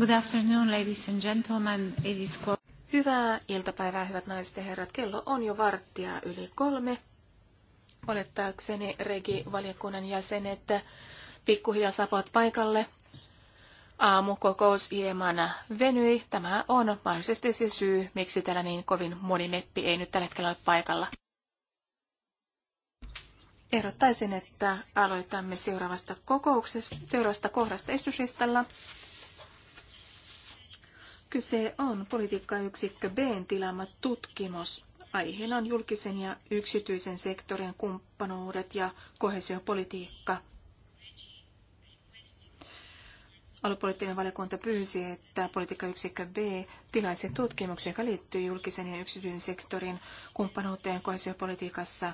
Good afternoon, ladies and gentlemen. It is... Hyvää iltapäivää, hyvät naiset ja herrat. Kello on jo varttia yli kolme. Olettaakseni Regi-valiokunnan jäsenet pikkuhiljaa saapuvat paikalle. Aamukokous hieman venyi. Tämä on mahdollisesti se syy, miksi täällä niin kovin moni meppi ei nyt tällä hetkellä ole paikalla. Ehdottaisin, että aloitamme seuraavasta kokouksesta, seuraavasta kohdasta esityslistalla. Kyse on politiikkayksikkö Bn tilaama tutkimus. Aiheena on julkisen ja yksityisen sektorin kumppanuudet ja kohesiopolitiikka. Alupoliittinen valiokunta pyysi, että politiikkayksikkö B tilaisi tutkimuksen, joka liittyy julkisen ja yksityisen sektorin kumppanuuteen kohesiopolitiikassa.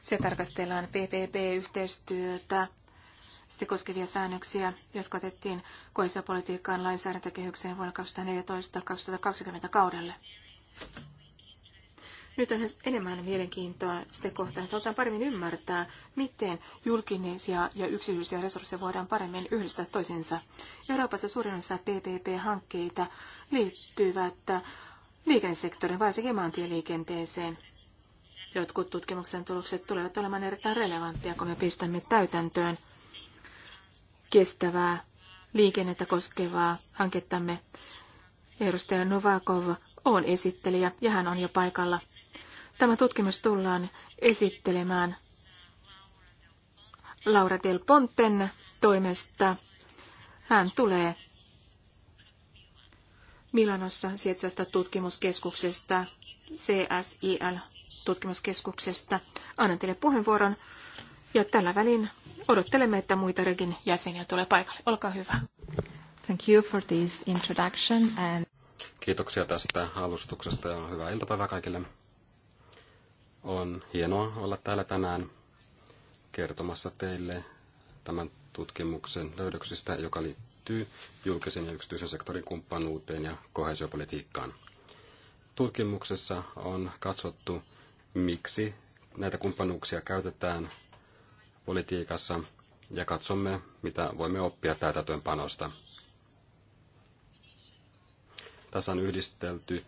Se tarkastellaan PPP-yhteistyötä, sitä koskevia säännöksiä, jotka otettiin koisopolitiikkaan lainsäädäntökehykseen vuonna 2014-2020 kaudelle. Nyt on enemmän mielenkiintoa sitä kohtaan, että halutaan paremmin ymmärtää, miten julkisia ja yksityisiä resursseja voidaan paremmin yhdistää toisensa. Euroopassa suurin osa PPP-hankkeita liittyvät liikennesektorin, varsinkin maantieliikenteeseen. Jotkut tutkimuksen tulokset tulevat olemaan erittäin relevanttia, kun me pistämme täytäntöön kestävää liikennettä koskevaa hankettamme. Edustaja Novakov on esittelijä ja hän on jo paikalla. Tämä tutkimus tullaan esittelemään Laura Del Ponten toimesta. Hän tulee Milanossa sijaitsevasta tutkimuskeskuksesta, CSIL-tutkimuskeskuksesta. Annan teille puheenvuoron ja tällä välin odottelemme, että muita Regin jäseniä tulee paikalle. Olkaa hyvä. Thank you for this introduction and... Kiitoksia tästä alustuksesta ja hyvää iltapäivää kaikille. On hienoa olla täällä tänään kertomassa teille tämän tutkimuksen löydöksistä, joka liittyy julkisen ja yksityisen sektorin kumppanuuteen ja kohesiopolitiikkaan. Tutkimuksessa on katsottu, miksi näitä kumppanuuksia käytetään politiikassa ja katsomme, mitä voimme oppia täytäntöönpanosta. Tässä on yhdistelty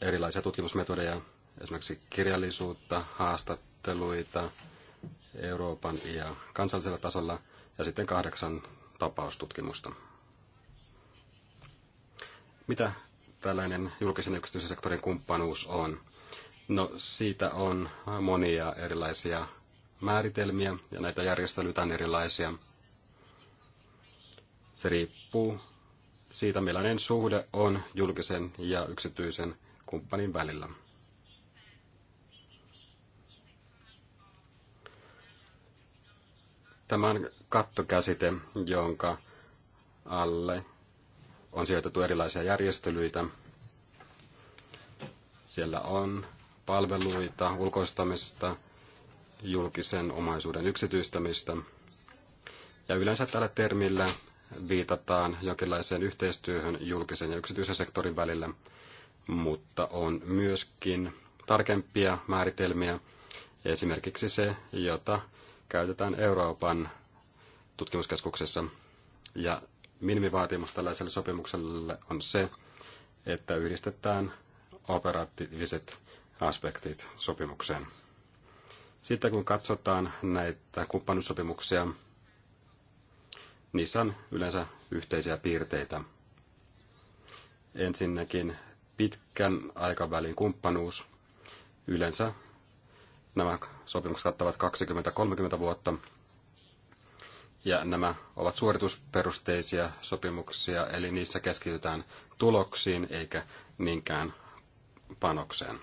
erilaisia tutkimusmetodeja, esimerkiksi kirjallisuutta, haastatteluita Euroopan ja kansallisella tasolla ja sitten kahdeksan tapaustutkimusta. Mitä tällainen julkisen yksityisen sektorin kumppanuus on? No siitä on monia erilaisia määritelmiä ja näitä järjestelyitä on erilaisia. Se riippuu siitä, millainen suhde on julkisen ja yksityisen kumppanin välillä. Tämän kattokäsite, jonka alle on sijoitettu erilaisia järjestelyitä. Siellä on palveluita, ulkoistamista, julkisen omaisuuden yksityistämistä. Ja yleensä tällä termillä viitataan jonkinlaiseen yhteistyöhön julkisen ja yksityisen sektorin välillä, mutta on myöskin tarkempia määritelmiä, esimerkiksi se, jota käytetään Euroopan tutkimuskeskuksessa. Ja minimivaatimus tällaiselle sopimukselle on se, että yhdistetään operatiiviset aspektit sopimukseen. Sitten kun katsotaan näitä kumppanuussopimuksia, niissä on yleensä yhteisiä piirteitä. Ensinnäkin pitkän aikavälin kumppanuus. Yleensä nämä sopimukset kattavat 20-30 vuotta. Ja nämä ovat suoritusperusteisia sopimuksia, eli niissä keskitytään tuloksiin eikä niinkään panokseen.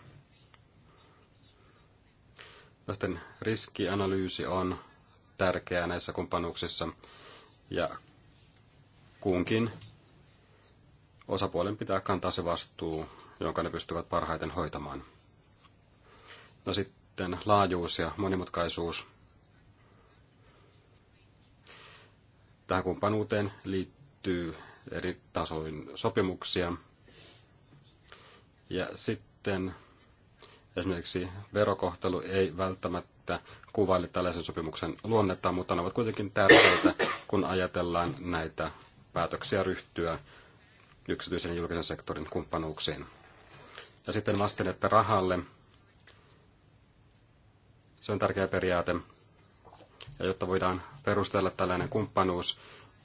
Lasten riskianalyysi on tärkeää näissä kumppanuuksissa ja kunkin osapuolen pitää kantaa se vastuu, jonka ne pystyvät parhaiten hoitamaan. No sitten laajuus ja monimutkaisuus. Tähän kumppanuuteen liittyy eri tasoin sopimuksia. Ja sitten Esimerkiksi verokohtelu ei välttämättä kuvaile tällaisen sopimuksen luonnetta, mutta ne ovat kuitenkin tärkeitä, kun ajatellaan näitä päätöksiä ryhtyä yksityisen ja julkisen sektorin kumppanuuksiin. Ja sitten että rahalle. Se on tärkeä periaate. Ja jotta voidaan perustella tällainen kumppanuus,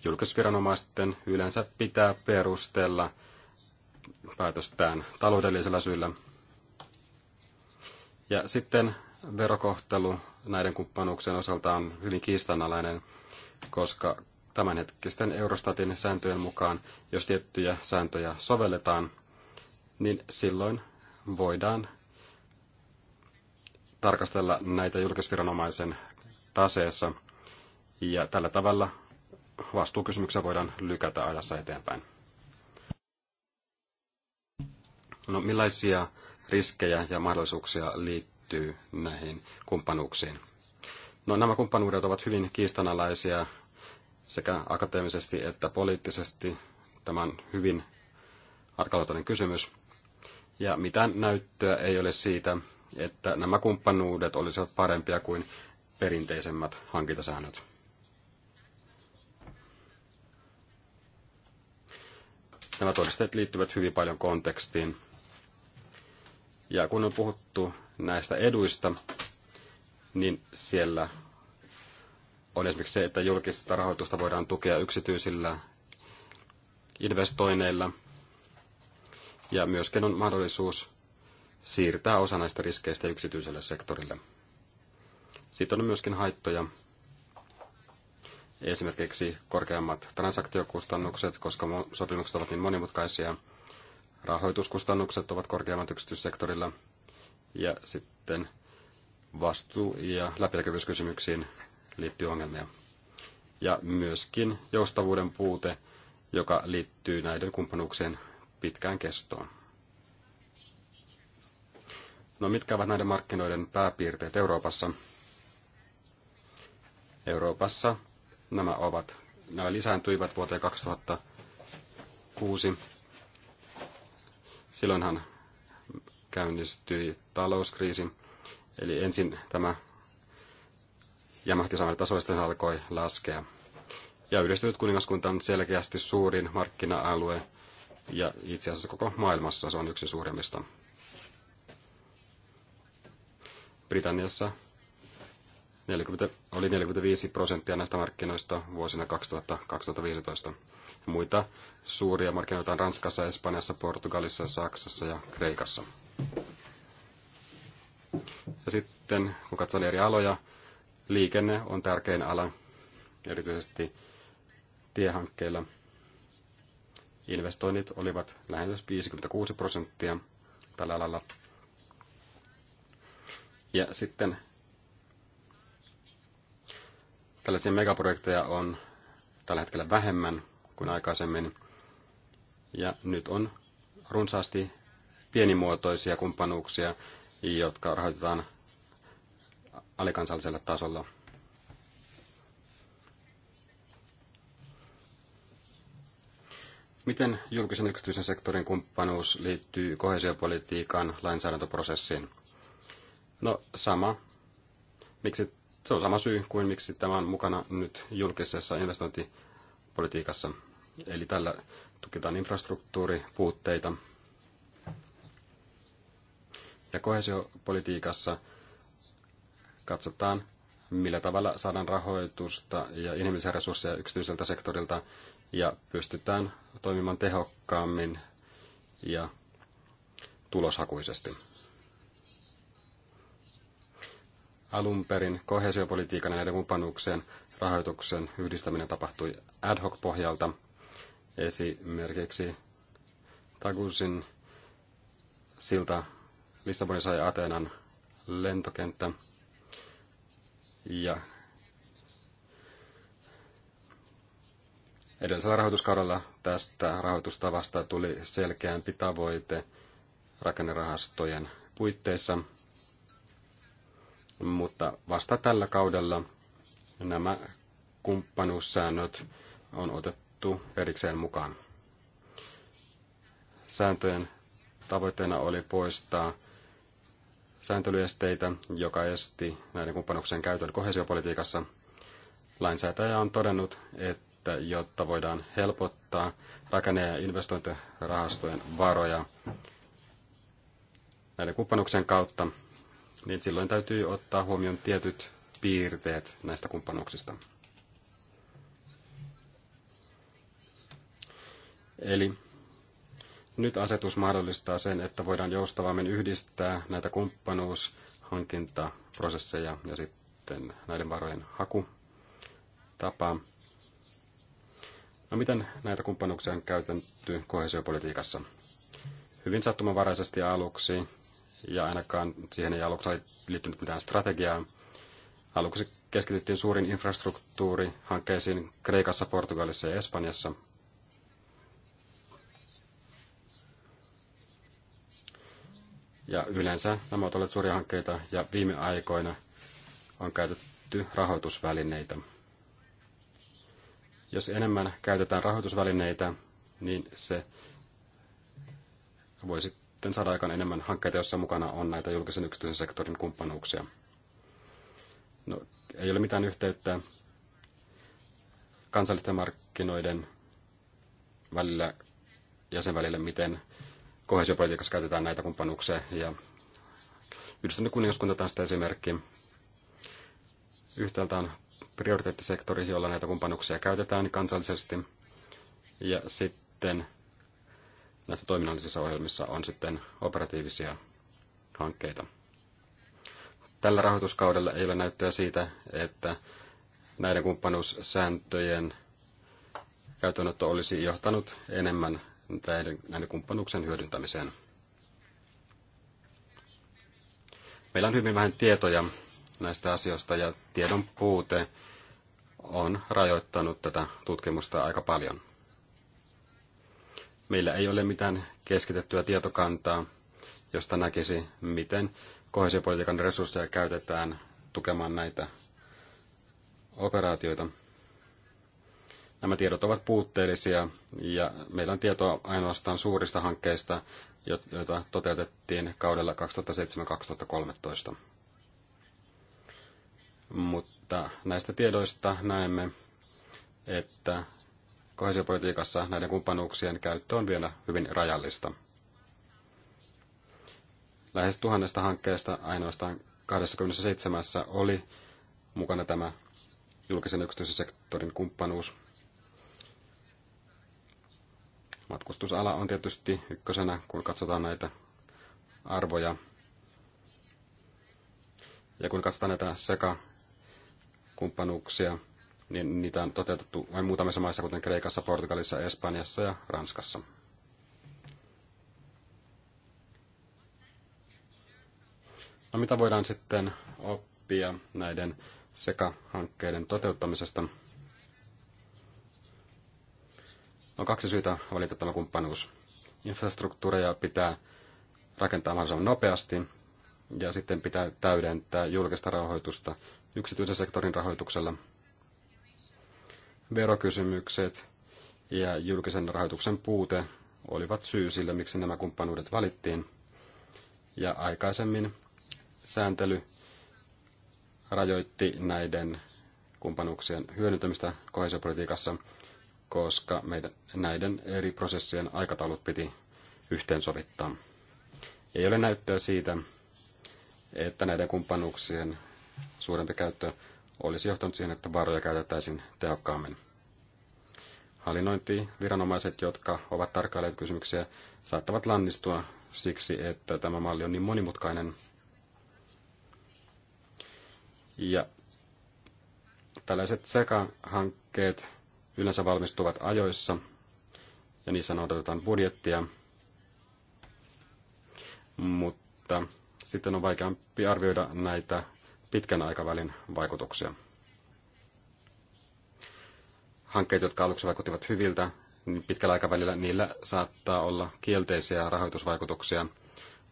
julkisviranomaisten yleensä pitää perustella päätöstään taloudellisella syyllä. Ja sitten verokohtelu näiden kumppanuuksien osalta on hyvin kiistanalainen, koska tämänhetkisten Eurostatin sääntöjen mukaan, jos tiettyjä sääntöjä sovelletaan, niin silloin voidaan tarkastella näitä julkisviranomaisen taseessa. Ja tällä tavalla vastuukysymyksiä voidaan lykätä ajassa eteenpäin. No millaisia riskejä ja mahdollisuuksia liittyy näihin kumppanuuksiin. No, nämä kumppanuudet ovat hyvin kiistanalaisia sekä akateemisesti että poliittisesti. Tämä on hyvin arkaluontoinen kysymys. Ja mitään näyttöä ei ole siitä, että nämä kumppanuudet olisivat parempia kuin perinteisemmät hankintasäännöt. Nämä todisteet liittyvät hyvin paljon kontekstiin ja kun on puhuttu näistä eduista, niin siellä on esimerkiksi se, että julkista rahoitusta voidaan tukea yksityisillä investoinneilla. Ja myöskin on mahdollisuus siirtää osa näistä riskeistä yksityiselle sektorille. Siitä on myöskin haittoja. Esimerkiksi korkeammat transaktiokustannukset, koska sopimukset ovat niin monimutkaisia – rahoituskustannukset ovat korkeammat yksityissektorilla ja sitten vastuu- ja läpinäkyvyyskysymyksiin liittyy ongelmia. Ja myöskin joustavuuden puute, joka liittyy näiden kumppanuuksien pitkään kestoon. No mitkä ovat näiden markkinoiden pääpiirteet Euroopassa? Euroopassa nämä ovat, nämä lisääntyivät vuoteen 2006 Silloinhan käynnistyi talouskriisi, eli ensin tämä jämähti samalle tasoista alkoi laskea. Ja yhdistynyt kuningaskunta on selkeästi suurin markkina-alue, ja itse asiassa koko maailmassa se on yksi suurimmista. Britanniassa 40, oli 45 prosenttia näistä markkinoista vuosina 2000-2015. Muita suuria markkinoita on Ranskassa, Espanjassa, Portugalissa, Saksassa ja Kreikassa. Ja sitten kun katsotaan eri aloja, liikenne on tärkein ala, erityisesti tiehankkeilla. Investoinnit olivat lähes 56 prosenttia tällä alalla. Ja sitten Tällaisia megaprojekteja on tällä hetkellä vähemmän kuin aikaisemmin. Ja nyt on runsaasti pienimuotoisia kumppanuuksia, jotka rahoitetaan alikansallisella tasolla. Miten julkisen yksityisen sektorin kumppanuus liittyy kohesiopolitiikan lainsäädäntöprosessiin? No sama. Miksi se on sama syy kuin miksi tämä on mukana nyt julkisessa investointipolitiikassa. Eli tällä tukitaan infrastruktuuripuutteita. Ja kohesiopolitiikassa katsotaan, millä tavalla saadaan rahoitusta ja inhimillisiä resursseja yksityiseltä sektorilta ja pystytään toimimaan tehokkaammin ja tuloshakuisesti. alun perin kohesiopolitiikan ja näiden kumppanuuksien rahoituksen yhdistäminen tapahtui ad hoc pohjalta. Esimerkiksi Tagusin silta Lissabonin sai Atenan lentokenttä. Ja edellisellä rahoituskaudella tästä rahoitustavasta tuli selkeämpi tavoite rakennerahastojen puitteissa – mutta vasta tällä kaudella nämä kumppanuussäännöt on otettu erikseen mukaan. Sääntöjen tavoitteena oli poistaa sääntelyesteitä, joka esti näiden kumppanuksen käytön kohesiopolitiikassa. Lainsäätäjä on todennut, että jotta voidaan helpottaa rakenne- ja investointirahastojen varoja näiden kumppanuksen kautta, niin silloin täytyy ottaa huomioon tietyt piirteet näistä kumppanuuksista. Eli nyt asetus mahdollistaa sen, että voidaan joustavammin yhdistää näitä kumppanuushankintaprosesseja ja sitten näiden varojen hakutapaa. No miten näitä kumppanuuksia on käytetty kohesiopolitiikassa? Hyvin sattumanvaraisesti aluksi ja ainakaan siihen ei aluksi liittynyt mitään strategiaa. Aluksi keskityttiin suurin infrastruktuurihankkeisiin Kreikassa, Portugalissa ja Espanjassa. Ja yleensä nämä ovat olleet suuria hankkeita ja viime aikoina on käytetty rahoitusvälineitä. Jos enemmän käytetään rahoitusvälineitä, niin se voisi sitten saada aikaan enemmän hankkeita, joissa mukana on näitä julkisen yksityisen sektorin kumppanuuksia. No, ei ole mitään yhteyttä kansallisten markkinoiden välillä, ja sen välillä miten kohesiopolitiikassa käytetään näitä kumppanuuksia. Ja Yhdistynyt kuningaskunta taas esimerkki. Yhtäältä on prioriteettisektori, jolla näitä kumppanuuksia käytetään kansallisesti. Ja sitten näissä toiminnallisissa ohjelmissa on sitten operatiivisia hankkeita. Tällä rahoituskaudella ei ole näyttöä siitä, että näiden kumppanuussääntöjen käytönotto olisi johtanut enemmän näiden kumppanuuksen hyödyntämiseen. Meillä on hyvin vähän tietoja näistä asioista ja tiedon puute on rajoittanut tätä tutkimusta aika paljon. Meillä ei ole mitään keskitettyä tietokantaa, josta näkisi, miten kohesiopolitiikan resursseja käytetään tukemaan näitä operaatioita. Nämä tiedot ovat puutteellisia ja meillä on tietoa ainoastaan suurista hankkeista, joita toteutettiin kaudella 2007-2013. Mutta näistä tiedoista näemme, että kohesiopolitiikassa näiden kumppanuuksien käyttö on vielä hyvin rajallista. Lähes tuhannesta hankkeesta ainoastaan 27 oli mukana tämä julkisen yksityisen sektorin kumppanuus. Matkustusala on tietysti ykkösenä, kun katsotaan näitä arvoja. Ja kun katsotaan näitä sekakumppanuuksia, niin niitä on toteutettu vain muutamissa maissa, kuten Kreikassa, Portugalissa, Espanjassa ja Ranskassa. No mitä voidaan sitten oppia näiden sekahankkeiden toteuttamisesta? On no, kaksi syytä valita tämä kumppanuus. Infrastruktuureja pitää rakentaa mahdollisimman nopeasti ja sitten pitää täydentää julkista rahoitusta yksityisen sektorin rahoituksella – verokysymykset ja julkisen rahoituksen puute olivat syy sille, miksi nämä kumppanuudet valittiin. Ja aikaisemmin sääntely rajoitti näiden kumppanuuksien hyödyntämistä kohesiopolitiikassa, koska meidän, näiden eri prosessien aikataulut piti yhteensovittaa. Ei ole näyttöä siitä, että näiden kumppanuuksien suurempi käyttö olisi johtanut siihen, että varoja käytettäisiin tehokkaammin. viranomaiset, jotka ovat tarkkailleet kysymyksiä, saattavat lannistua siksi, että tämä malli on niin monimutkainen. Ja tällaiset sekahankkeet yleensä valmistuvat ajoissa ja niissä noudatetaan budjettia, mutta sitten on vaikeampi arvioida näitä pitkän aikavälin vaikutuksia. Hankkeet, jotka aluksi vaikuttivat hyviltä, niin pitkällä aikavälillä niillä saattaa olla kielteisiä rahoitusvaikutuksia.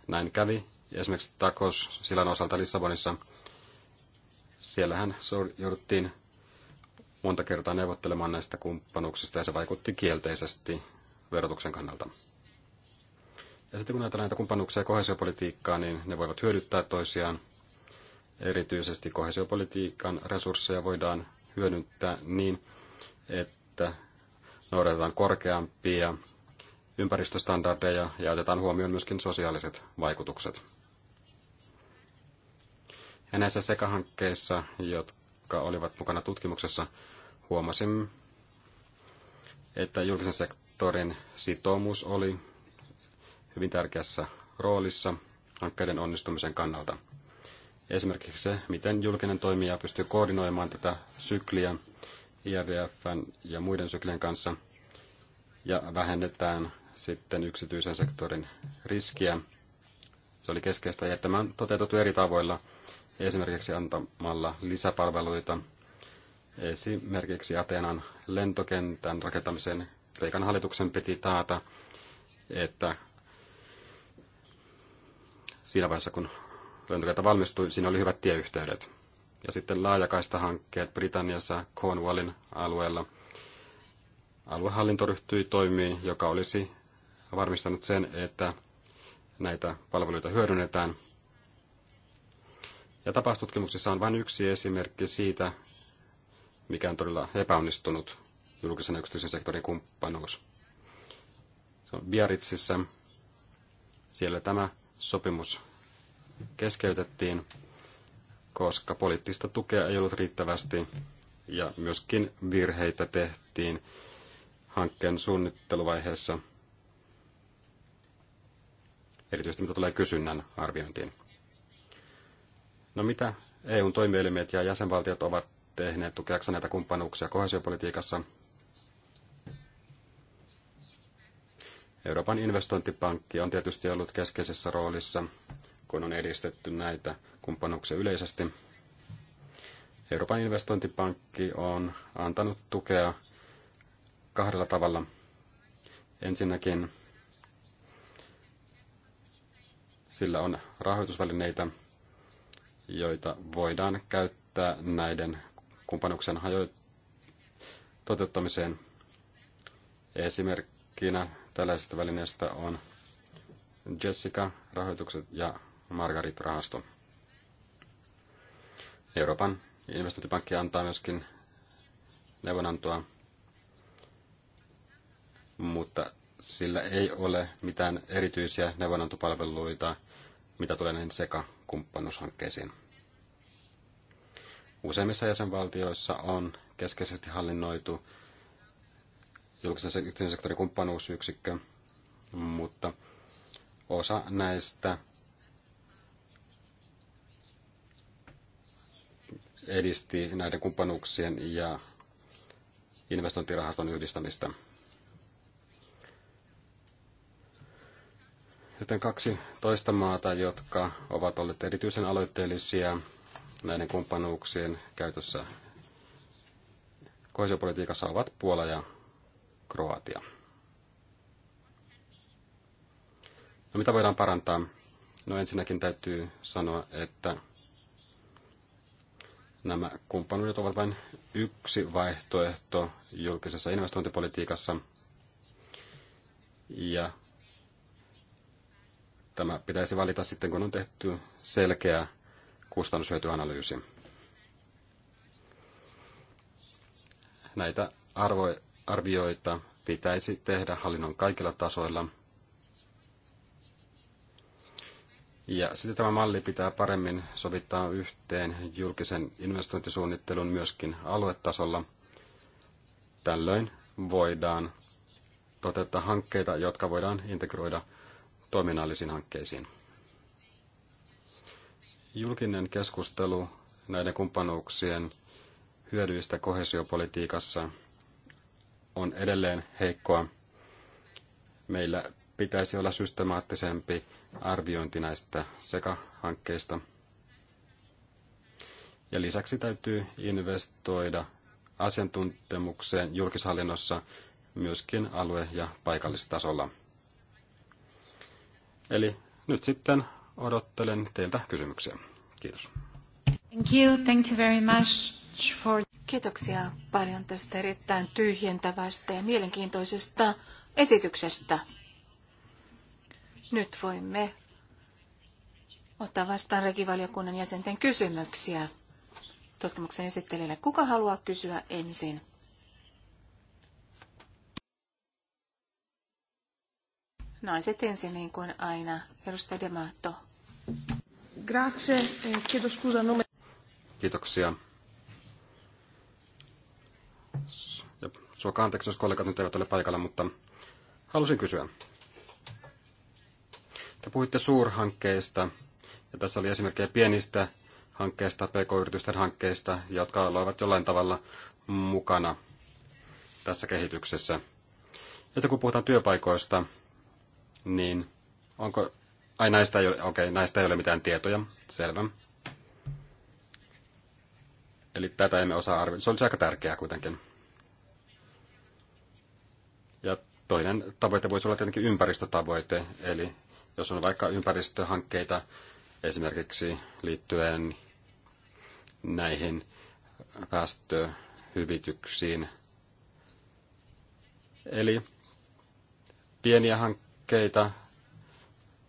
Näin kävi esimerkiksi Takos Silan osalta Lissabonissa. Siellähän jouduttiin monta kertaa neuvottelemaan näistä kumppanuuksista ja se vaikutti kielteisesti verotuksen kannalta. Ja sitten kun ajatellaan näitä kumppanuuksia ja kohesiopolitiikkaa, niin ne voivat hyödyttää toisiaan. Erityisesti kohesiopolitiikan resursseja voidaan hyödyntää niin, että noudatetaan korkeampia ympäristöstandardeja ja otetaan huomioon myöskin sosiaaliset vaikutukset. Ja näissä sekahankkeissa, jotka olivat mukana tutkimuksessa, huomasin, että julkisen sektorin sitoumus oli hyvin tärkeässä roolissa hankkeiden onnistumisen kannalta. Esimerkiksi se, miten julkinen toimija pystyy koordinoimaan tätä sykliä IRFn ja muiden syklien kanssa ja vähennetään sitten yksityisen sektorin riskiä. Se oli keskeistä ja tämä on toteutettu eri tavoilla, esimerkiksi antamalla lisäpalveluita esimerkiksi Atenan lentokentän rakentamisen Kreikan hallituksen piti taata, että siinä vaiheessa kun lentokenttä valmistui, siinä oli hyvät tieyhteydet. Ja sitten laajakaistahankkeet Britanniassa Cornwallin alueella. Aluehallinto ryhtyi toimiin, joka olisi varmistanut sen, että näitä palveluita hyödynnetään. Ja tapaustutkimuksissa on vain yksi esimerkki siitä, mikä on todella epäonnistunut julkisen ja yksityisen sektorin kumppanuus. Se on Biaritsissä. Siellä tämä sopimus keskeytettiin, koska poliittista tukea ei ollut riittävästi ja myöskin virheitä tehtiin hankkeen suunnitteluvaiheessa, erityisesti mitä tulee kysynnän arviointiin. No mitä EUn toimielimet ja jäsenvaltiot ovat tehneet tukeakseen näitä kumppanuuksia kohesiopolitiikassa? Euroopan investointipankki on tietysti ollut keskeisessä roolissa kun on edistetty näitä kumppanuuksia yleisesti. Euroopan investointipankki on antanut tukea kahdella tavalla. Ensinnäkin sillä on rahoitusvälineitä, joita voidaan käyttää näiden kumppanuksen hajo- toteuttamiseen. Esimerkkinä tällaisista välineistä on Jessica-rahoitukset ja Margarit-rahasto. Euroopan investointipankki antaa myöskin neuvonantoa, mutta sillä ei ole mitään erityisiä neuvonantopalveluita, mitä tulee näihin sekakumppanuushankkeisiin. Useimmissa jäsenvaltioissa on keskeisesti hallinnoitu julkisen sektorin kumppanuusyksikkö, mutta osa näistä edisti näiden kumppanuuksien ja investointirahaston yhdistämistä. Sitten kaksi toista maata, jotka ovat olleet erityisen aloitteellisia näiden kumppanuuksien käytössä kohesiopolitiikassa ovat Puola ja Kroatia. No mitä voidaan parantaa? No ensinnäkin täytyy sanoa, että Nämä kumppanuudet ovat vain yksi vaihtoehto julkisessa investointipolitiikassa. Ja tämä pitäisi valita sitten, kun on tehty selkeä kustannushyötyanalyysi. Näitä arvo- arvioita pitäisi tehdä hallinnon kaikilla tasoilla – Ja sitten tämä malli pitää paremmin sovittaa yhteen julkisen investointisuunnittelun myöskin aluetasolla. Tällöin voidaan toteuttaa hankkeita, jotka voidaan integroida toiminnallisiin hankkeisiin. Julkinen keskustelu näiden kumppanuuksien hyödyistä kohesiopolitiikassa on edelleen heikkoa. Meillä pitäisi olla systemaattisempi arviointi näistä sekahankkeista. Ja lisäksi täytyy investoida asiantuntemukseen julkishallinnossa myöskin alue- ja paikallistasolla. Eli nyt sitten odottelen teiltä kysymyksiä. Kiitos. Thank you. Thank you very much for... Kiitoksia paljon tästä erittäin tyhjentävästä ja mielenkiintoisesta esityksestä. Nyt voimme ottaa vastaan regivaliokunnan jäsenten kysymyksiä. Tutkimuksen esittelijälle, kuka haluaa kysyä ensin? Naiset ensin, niin kuin aina. Edustaja Demato. Grazie. Eh, chiedo scusa nome. Kiitoksia. suokaa anteeksi, jos kollegat nyt eivät ole paikalla, mutta halusin kysyä. Te puhuitte suurhankkeista, ja tässä oli esimerkkejä pienistä hankkeista, pk-yritysten hankkeista, jotka olivat jollain tavalla mukana tässä kehityksessä. Ja kun puhutaan työpaikoista, niin onko... Ai näistä ei ole, okei, näistä ei ole mitään tietoja, selvä. Eli tätä emme osaa arvioida. Se olisi aika tärkeää kuitenkin. Ja toinen tavoite voisi olla tietenkin ympäristötavoite, eli jos on vaikka ympäristöhankkeita esimerkiksi liittyen näihin päästöhyvityksiin. Eli pieniä hankkeita,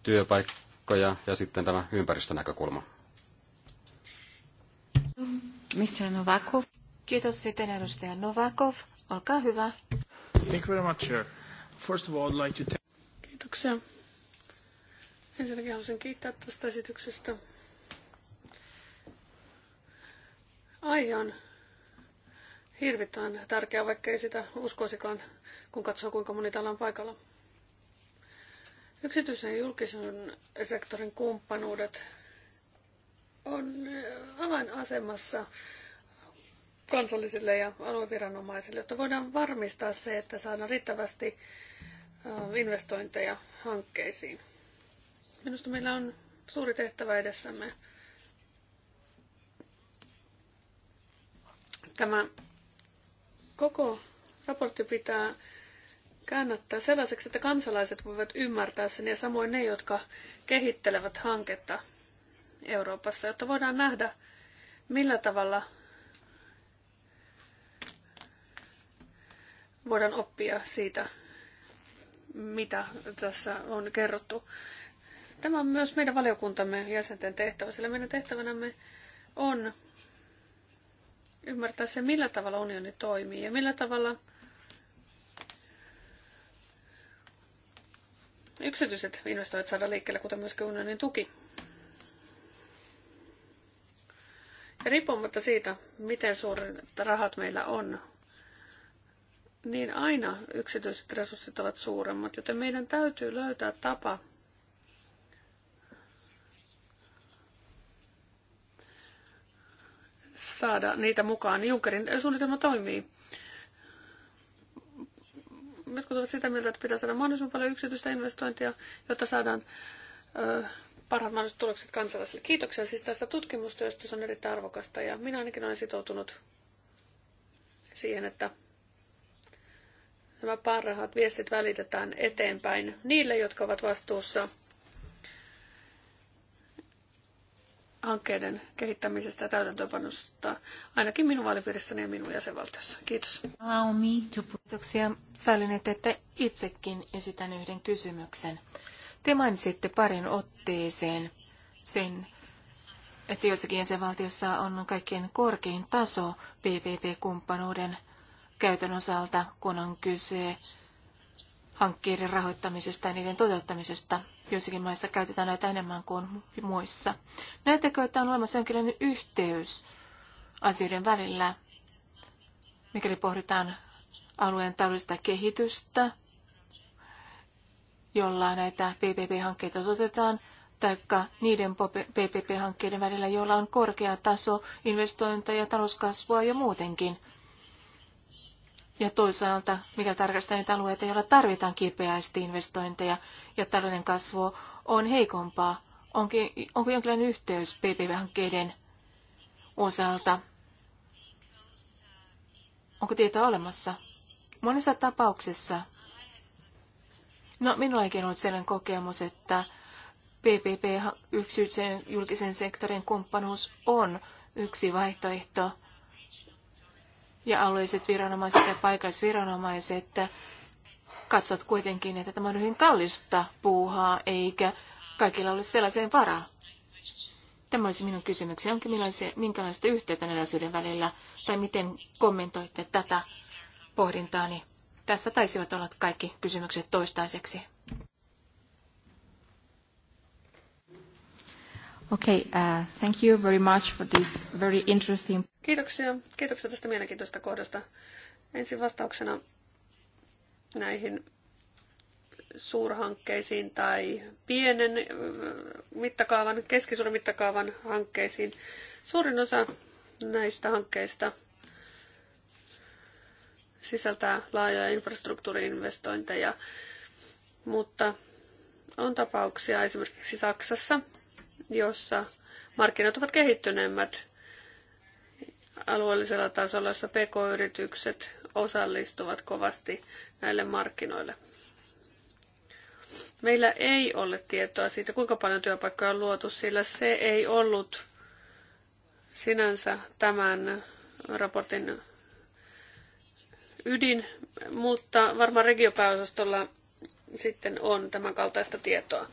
työpaikkoja ja sitten tämä ympäristönäkökulma. Mr. Novakov. Kiitos sitten edustaja Novakov. Olkaa hyvä. Thank you very much, sir. First of all, I'd like to Kiitoksia. Ensinnäkin haluaisin kiittää tästä esityksestä. Aihe on hirvittävän tärkeä, vaikka ei sitä uskoisikaan, kun katsoo kuinka moni täällä on paikalla. Yksityisen ja julkisen sektorin kumppanuudet on avainasemassa kansallisille ja alueviranomaisille, jotta voidaan varmistaa se, että saadaan riittävästi investointeja hankkeisiin. Minusta meillä on suuri tehtävä edessämme. Tämä koko raportti pitää käännättää sellaiseksi, että kansalaiset voivat ymmärtää sen ja samoin ne, jotka kehittelevät hanketta Euroopassa, jotta voidaan nähdä, millä tavalla voidaan oppia siitä, mitä tässä on kerrottu. Tämä on myös meidän valiokuntamme jäsenten tehtävä, sillä meidän tehtävänämme on ymmärtää se, millä tavalla unioni toimii ja millä tavalla yksityiset investoijat saada liikkeelle, kuten myöskin unionin tuki. Ja riippumatta siitä, miten suuret rahat meillä on, niin aina yksityiset resurssit ovat suuremmat, joten meidän täytyy löytää tapa saada niitä mukaan. Junckerin suunnitelma toimii. Jotkut ovat sitä mieltä, että pitää saada mahdollisimman paljon yksityistä investointia, jotta saadaan ö, parhaat mahdolliset tulokset kansalaisille. Kiitoksia siis tästä tutkimustyöstä, se on erittäin arvokasta ja minä ainakin olen sitoutunut siihen, että nämä parhaat viestit välitetään eteenpäin niille, jotka ovat vastuussa hankkeiden kehittämisestä ja täytäntöönpanosta ainakin minun vaalipiirissäni ja minun jäsenvaltiossa. Kiitos. Kiitoksia. Sallin, että itsekin esitän yhden kysymyksen. Te mainitsitte parin otteeseen sen, että jossakin jäsenvaltiossa on kaikkein korkein taso PPP-kumppanuuden käytön osalta, kun on kyse hankkeiden rahoittamisesta ja niiden toteuttamisesta Joissakin maissa käytetään näitä enemmän kuin muissa. Näettekö, että on olemassa jonkinlainen yhteys asioiden välillä, mikäli pohditaan alueen taloudellista kehitystä, jolla näitä PPP-hankkeita toteutetaan, taikka niiden PPP-hankkeiden välillä, joilla on korkea taso investointeja, talouskasvua ja muutenkin. Ja toisaalta, mikä tarkastaa niitä alueita, joilla tarvitaan kipeästi investointeja ja talouden kasvu on heikompaa. Onkin, onko jonkinlainen yhteys PPP-hankkeiden osalta? Onko tietoa olemassa? Monessa tapauksessa, no minullakin on sellainen kokemus, että PPP, yksityisen julkisen sektorin kumppanuus, on yksi vaihtoehto – ja alueelliset viranomaiset ja paikallisviranomaiset katsovat kuitenkin, että tämä on hyvin kallista puuhaa, eikä kaikilla ole sellaiseen varaa. Tämä olisi minun kysymykseni. Onko minkälaista yhteyttä näiden asioiden välillä, tai miten kommentoitte tätä pohdintaani? Tässä taisivat olla kaikki kysymykset toistaiseksi. Okay, uh, thank you very much for this very interesting... Kiitoksia. Kiitoksia tästä mielenkiintoista kohdasta. Ensin vastauksena näihin suurhankkeisiin tai pienen mittakaavan, keskisuuren mittakaavan hankkeisiin. Suurin osa näistä hankkeista sisältää laajoja infrastruktuuriinvestointeja, mutta on tapauksia esimerkiksi Saksassa, jossa markkinat ovat kehittyneemmät alueellisella tasolla, jossa pk-yritykset osallistuvat kovasti näille markkinoille. Meillä ei ole tietoa siitä, kuinka paljon työpaikkoja on luotu, sillä se ei ollut sinänsä tämän raportin ydin, mutta varmaan regiopääosastolla sitten on tämän kaltaista tietoa.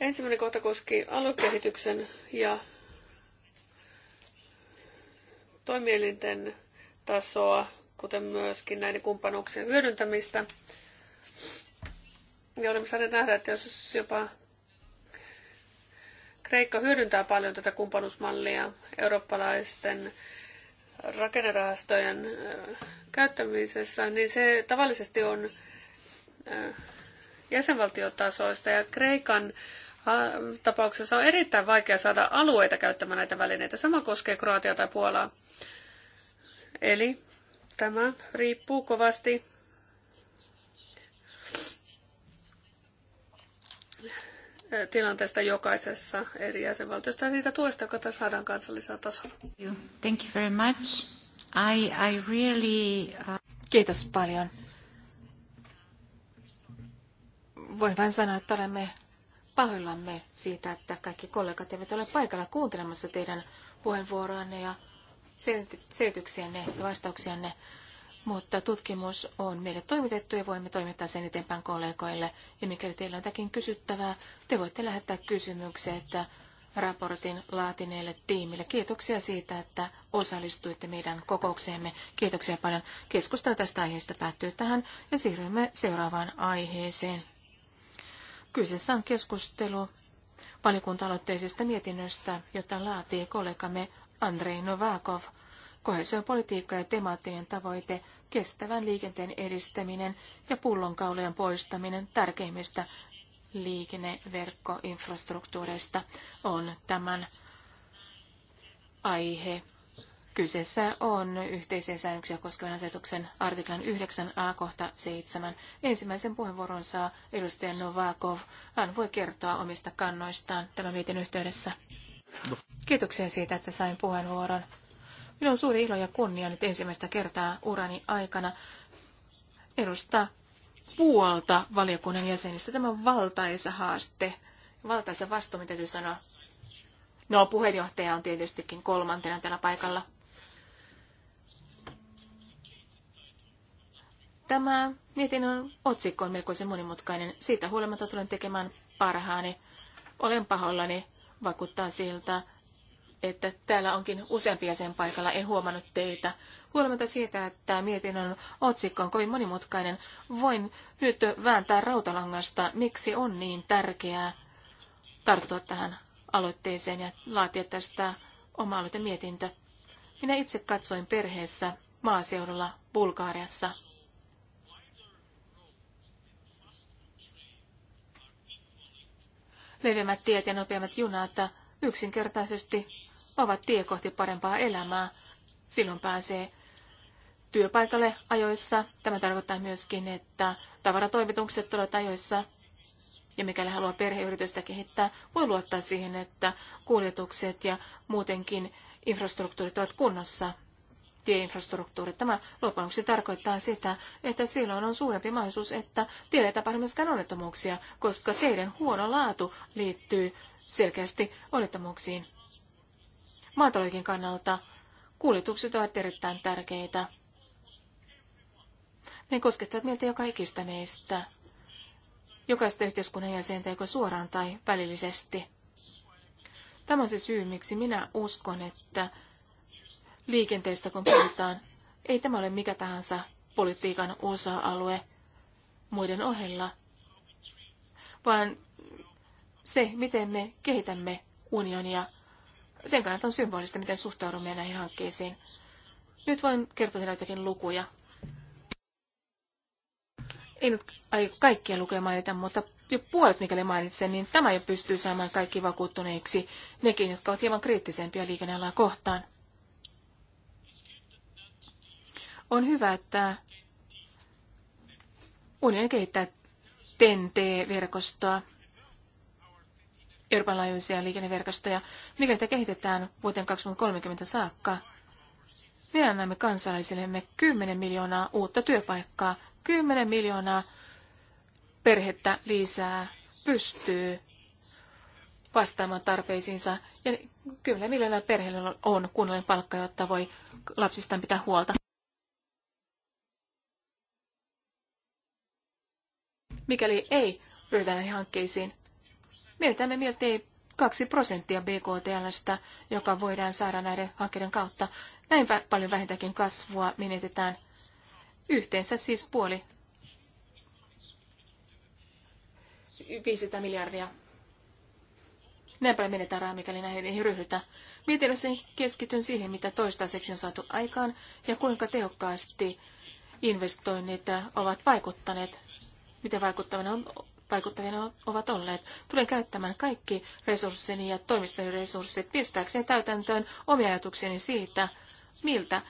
Ensimmäinen kohta koski aluekehityksen ja toimielinten tasoa, kuten myöskin näiden kumppanuuksien hyödyntämistä. Ja olemme saaneet nähdä, että jos jopa Kreikka hyödyntää paljon tätä kumppanuusmallia eurooppalaisten rakennerahastojen äh, käyttämisessä, niin se tavallisesti on äh, jäsenvaltiotasoista ja Kreikan tapauksessa on erittäin vaikea saada alueita käyttämään näitä välineitä. Sama koskee kroatia tai Puolaa. Eli tämä riippuu kovasti tilanteesta jokaisessa eri jäsenvaltiosta ja niitä tuesta, joka tässä saadaan kansallisella tasolla. Thank you very much. I, I really, uh... Kiitos paljon. Voin vain sanoa, että olemme pahoillamme siitä, että kaikki kollegat eivät ole paikalla kuuntelemassa teidän puheenvuoroanne ja selityksiänne ja vastauksianne, mutta tutkimus on meille toimitettu ja voimme toimittaa sen eteenpäin kollegoille. Ja mikäli teillä on jotakin kysyttävää, te voitte lähettää kysymykset että raportin laatineelle tiimille. Kiitoksia siitä, että osallistuitte meidän kokoukseemme. Kiitoksia paljon. Keskustelu tästä aiheesta päättyy tähän ja siirrymme seuraavaan aiheeseen. Kyseessä on keskustelu valiokunta-aloitteisesta mietinnöstä, jota laatii kollegamme Andrei Novakov. Kohesiopolitiikka ja temaattinen tavoite, kestävän liikenteen edistäminen ja pullonkaulojen poistaminen tärkeimmistä liikenneverkkoinfrastruktuureista on tämän aihe Kyseessä on yhteisiä säännöksiä koskevan asetuksen artiklan 9 a kohta 7. Ensimmäisen puheenvuoron saa edustaja Novakov. Hän voi kertoa omista kannoistaan tämän mietin yhteydessä. Kiitoksia siitä, että sain puheenvuoron. Minulla on suuri ilo ja kunnia nyt ensimmäistä kertaa urani aikana edustaa puolta valiokunnan jäsenistä. Tämä on valtaisa haaste, valtaisa vastuu, mitä täytyy sanoa. No, puheenjohtaja on tietystikin kolmantena tällä paikalla. Tämä mietinnön otsikko on melkoisen monimutkainen. Siitä huolimatta tulen tekemään parhaani. Olen pahoillani, vakuuttaa siltä, että täällä onkin useampia sen paikalla. En huomannut teitä. Huolimatta siitä, että mietinnön otsikko on kovin monimutkainen, voin nyt vääntää rautalangasta, miksi on niin tärkeää tarttua tähän aloitteeseen ja laatia tästä oma mietintö. Minä itse katsoin perheessä maaseudulla Bulgaariassa – leveämmät tiet ja nopeammat junat yksinkertaisesti ovat tie kohti parempaa elämää. Silloin pääsee työpaikalle ajoissa. Tämä tarkoittaa myöskin, että tavaratoimitukset tulevat ajoissa. Ja mikäli haluaa perheyritystä kehittää, voi luottaa siihen, että kuljetukset ja muutenkin infrastruktuurit ovat kunnossa tieinfrastruktuuri. Tämä loppujen tarkoittaa sitä, että silloin on suurempi mahdollisuus, että tiellä tapahtuu myöskään onnettomuuksia, koska teidän huono laatu liittyy selkeästi onnettomuuksiin. Maatalouden kannalta kuljetukset ovat erittäin tärkeitä. Ne koskettavat mieltä joka ikistä meistä, jokaista yhteiskunnan jäsentä joko suoraan tai välillisesti. Tämä on se syy, miksi minä uskon, että liikenteestä, kun puhutaan. Ei tämä ole mikä tahansa politiikan osa-alue muiden ohella, vaan se, miten me kehitämme unionia, sen kannalta on symbolista, miten suhtaudumme näihin hankkeisiin. Nyt voin kertoa teille jotakin lukuja. Ei nyt aio kaikkia lukuja mainita, mutta jo puolet, mikäli mainitsen, niin tämä jo pystyy saamaan kaikki vakuuttuneiksi, nekin, jotka ovat hieman kriittisempiä liikennealaa kohtaan. On hyvä, että unioni kehittää TEN-T-verkostoa, Euroopan laajuisia liikenneverkostoja, mikä niitä kehitetään vuoteen 2030 saakka. Me annamme kansalaisillemme 10 miljoonaa uutta työpaikkaa, 10 miljoonaa perhettä lisää pystyy vastaamaan tarpeisiinsa. Ja 10 miljoonaa perheellä on kunnollinen palkka, jotta voi lapsistaan pitää huolta. Mikäli ei ryhdytä näihin hankkeisiin, mietitämme miltei 2 prosenttia BKTLstä, joka voidaan saada näiden hankkeiden kautta. Näin paljon vähintäkin kasvua menetetään. Yhteensä siis puoli 500 miljardia. Näin paljon menetään rahaa, mikäli näihin ei ryhdytä. Mietinnössä keskityn siihen, mitä toistaiseksi on saatu aikaan ja kuinka tehokkaasti investoinnit ovat vaikuttaneet miten vaikuttavina, on, vaikuttavina ovat olleet. Tulen käyttämään kaikki resurssini ja toimistojen resurssit pistääkseen täytäntöön omia ajatukseni siitä, miltä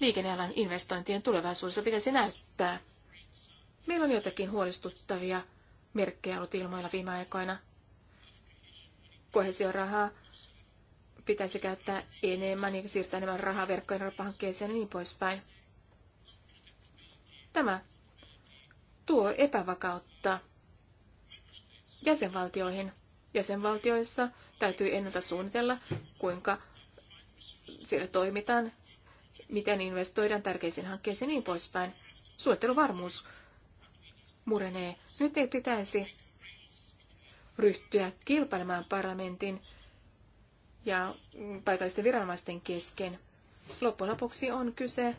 liikennealan investointien tulevaisuudessa pitäisi näyttää. Meillä on jotakin huolestuttavia merkkejä ollut ilmoilla viime aikoina. Kohesiorahaa pitäisi käyttää enemmän ja siirtää enemmän rahaa verkkojen ja niin poispäin. Tämä tuo epävakautta jäsenvaltioihin. Jäsenvaltioissa täytyy ennalta suunnitella, kuinka siellä toimitaan, miten investoidaan tärkeisiin hankkeisiin ja niin poispäin. Suunnitteluvarmuus murenee. Nyt ei pitäisi ryhtyä kilpailemaan parlamentin ja paikallisten viranomaisten kesken. Loppujen lopuksi on kyse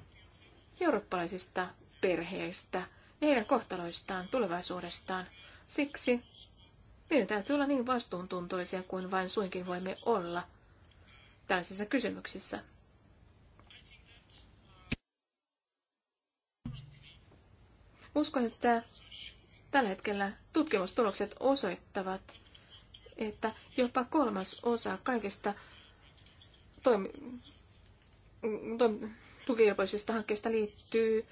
eurooppalaisista perheistä, ja heidän kohtaloistaan, tulevaisuudestaan. Siksi meidän täytyy olla niin vastuuntuntoisia kuin vain suinkin voimme olla tällaisissa kysymyksissä. Uskon, että tällä hetkellä tutkimustulokset osoittavat, että jopa kolmas osa kaikista toimi, toimi, tukijelpoisista hankkeista liittyy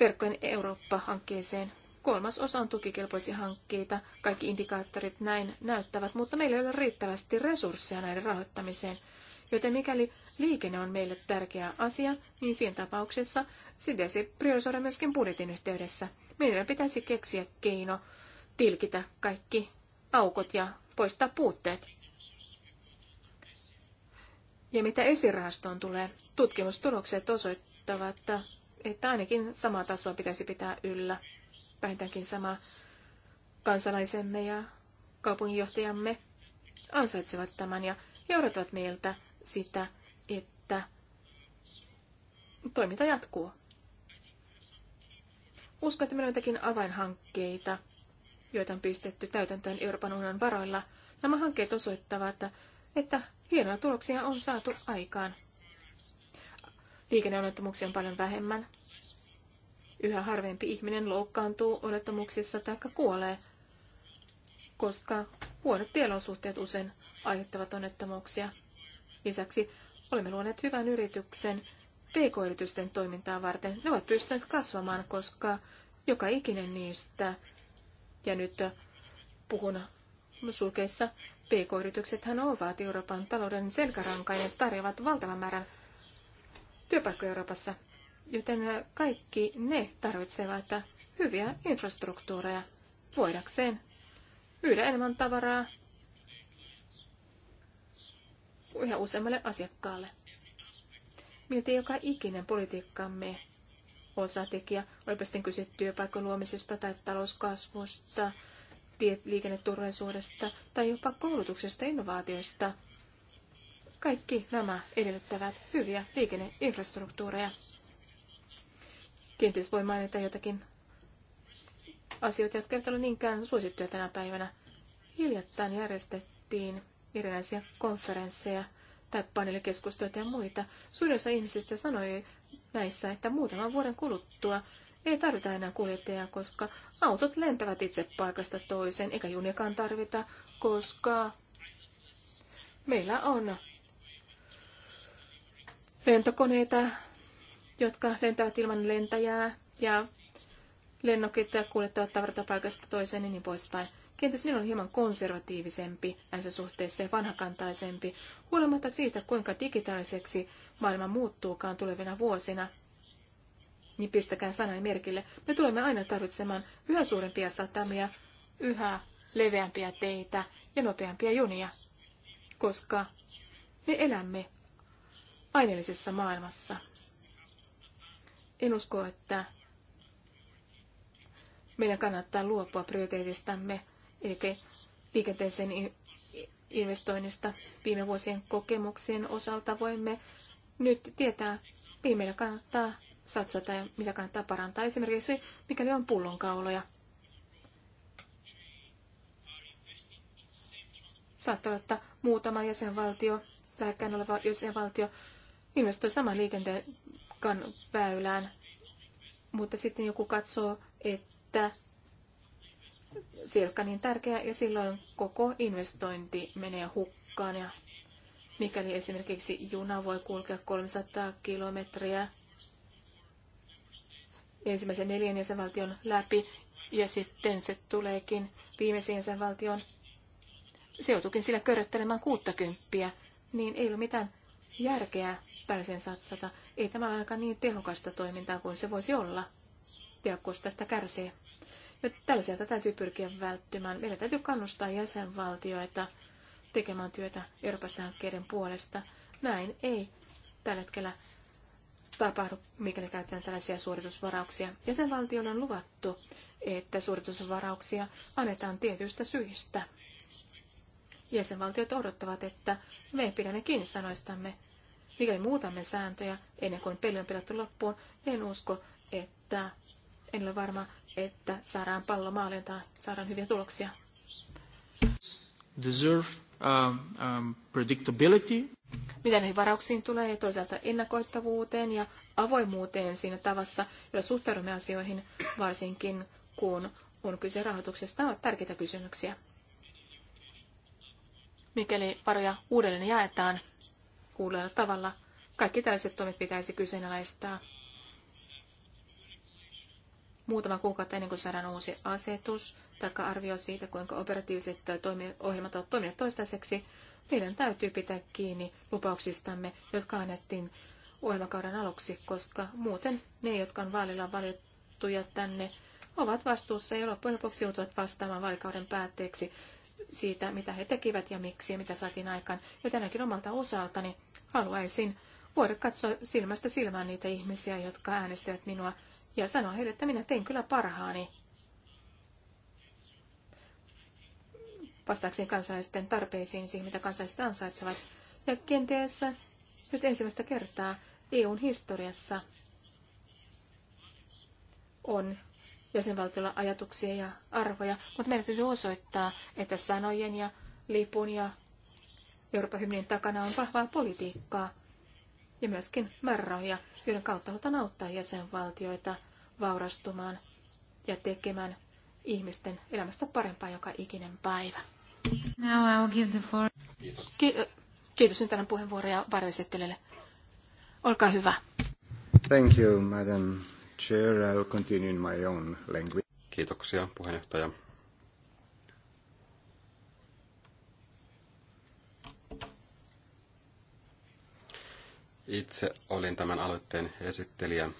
verkkojen Eurooppa-hankkeeseen. Kolmas osa on tukikelpoisia hankkeita. Kaikki indikaattorit näin näyttävät, mutta meillä ei ole riittävästi resursseja näiden rahoittamiseen. Joten mikäli liikenne on meille tärkeä asia, niin siinä tapauksessa se pitäisi priorisoida myöskin budjetin yhteydessä. Meidän pitäisi keksiä keino tilkitä kaikki aukot ja poistaa puutteet. Ja mitä esirahastoon tulee, tutkimustulokset osoittavat, että että ainakin samaa tasoa pitäisi pitää yllä, vähintäänkin sama kansalaisemme ja kaupunginjohtajamme ansaitsevat tämän ja he odottavat meiltä sitä, että toiminta jatkuu. Uskon, että meillä on jotakin avainhankkeita, joita on pistetty täytäntöön Euroopan unionin varoilla. Nämä hankkeet osoittavat, että hienoja tuloksia on saatu aikaan. Liikenneonnettomuuksia on paljon vähemmän. Yhä harvempi ihminen loukkaantuu onnettomuuksissa tai kuolee, koska huonot tielosuhteet usein aiheuttavat onnettomuuksia. Lisäksi olemme luoneet hyvän yrityksen pk-yritysten toimintaa varten. Ne ovat pystyneet kasvamaan, koska joka ikinen niistä, ja nyt puhun sulkeissa, pk-yrityksethän ovat Euroopan talouden selkärankainen, tarjoavat valtavan määrän työpaikkoja Euroopassa, joten kaikki ne tarvitsevat hyviä infrastruktuureja voidakseen myydä enemmän tavaraa yhä useammalle asiakkaalle. Miltä joka ikinen politiikkamme osatekijä, olipa sitten kyse työpaikan luomisesta tai talouskasvusta, liikenneturvallisuudesta tai jopa koulutuksesta innovaatioista – kaikki nämä edellyttävät hyviä liikenneinfrastruktuureja. Kenties voi mainita jotakin asioita, jotka eivät ole niinkään suosittuja tänä päivänä. Hiljattain järjestettiin erinäisiä konferensseja tai paneelikeskusteluita ja muita. Suurin osa ihmisistä sanoi näissä, että muutaman vuoden kuluttua ei tarvita enää kuljettajaa, koska autot lentävät itse paikasta toiseen, eikä juniakaan tarvita, koska meillä on lentokoneita, jotka lentävät ilman lentäjää ja lennokit kuljettavat tavarata paikasta toiseen ja niin poispäin. Kenties minä on hieman konservatiivisempi näissä suhteissa ja vanhakantaisempi, huolimatta siitä, kuinka digitaaliseksi maailma muuttuukaan tulevina vuosina. Niin pistäkää sanan merkille. Me tulemme aina tarvitsemaan yhä suurempia satamia, yhä leveämpiä teitä ja nopeampia junia, koska me elämme aineellisessa maailmassa. En usko, että meidän kannattaa luopua prioriteetistamme, eli liikenteeseen investoinnista viime vuosien kokemuksien osalta voimme nyt tietää, mihin meidän kannattaa satsata ja mitä kannattaa parantaa. Esimerkiksi mikäli on pullonkauloja. Saattaa olla, että muutama jäsenvaltio, lähekkäin oleva jäsenvaltio investoi saman liikenteen väylään, mutta sitten joku katsoo, että silkka niin tärkeä ja silloin koko investointi menee hukkaan. Ja mikäli esimerkiksi juna voi kulkea 300 kilometriä ensimmäisen neljän jäsenvaltion läpi ja sitten se tuleekin viimeisen jäsenvaltion, se joutuukin sillä köröttelemään 60, niin ei ole mitään järkeä tällaisen satsata. Ei tämä ole ainakaan niin tehokasta toimintaa kuin se voisi olla. Tehokkuus tästä kärsii. Ja tällaiselta täytyy pyrkiä välttymään. Meidän täytyy kannustaa jäsenvaltioita tekemään työtä Euroopasta hankkeiden puolesta. Näin ei tällä hetkellä tapahdu, mikäli käytetään tällaisia suoritusvarauksia. Jäsenvaltioille on luvattu, että suoritusvarauksia annetaan tietyistä syistä. Jäsenvaltiot odottavat, että me pidämme kiinni sanoistamme Mikäli muutamme sääntöjä ennen kuin peli on pelattu loppuun, en usko, että en ole varma, että saadaan pallo maaliin tai saadaan hyviä tuloksia. Deserve um, um, predictability. Mitä näihin varauksiin tulee toisaalta ennakoittavuuteen ja avoimuuteen siinä tavassa, jolla suhtaudumme asioihin, varsinkin kun on kyse rahoituksesta, ovat tärkeitä kysymyksiä. Mikäli varoja uudelleen jaetaan, kuulella tavalla. Kaikki tällaiset toimet pitäisi kyseenalaistaa. Muutama kuukautta ennen kuin saadaan uusi asetus tai arvio siitä, kuinka operatiiviset ohjelmat ovat toimineet toistaiseksi, meidän täytyy pitää kiinni lupauksistamme, jotka annettiin ohjelmakauden aluksi, koska muuten ne, jotka on vaalilla valittuja tänne, ovat vastuussa ja loppujen lopuksi joutuvat vastaamaan vaalikauden päätteeksi siitä, mitä he tekivät ja miksi ja mitä saatiin aikaan. Ja tänäkin omalta osaltani haluaisin voida katsoa silmästä silmään niitä ihmisiä, jotka äänestivät minua ja sanoa heille, että minä tein kyllä parhaani. Vastaakseni kansalaisten tarpeisiin siihen, mitä kansalaiset ansaitsevat. Ja kenties nyt ensimmäistä kertaa EUn historiassa on jäsenvaltiolla ajatuksia ja arvoja, mutta meidän täytyy osoittaa, että sanojen ja lipun ja Euroopan hymnin takana on vahvaa politiikkaa ja myöskin määrärahoja, joiden kautta halutaan auttaa jäsenvaltioita vaurastumaan ja tekemään ihmisten elämästä parempaa joka ikinen päivä. Now I will give the floor. Kiitos. kiitos nyt tämän puheenvuoron ja Olkaa hyvä. Thank you, madam Chair, I'll continue in my own language. Kiitoksia, puheenjohtaja. Itse olin tämän aloitteen esittelijä.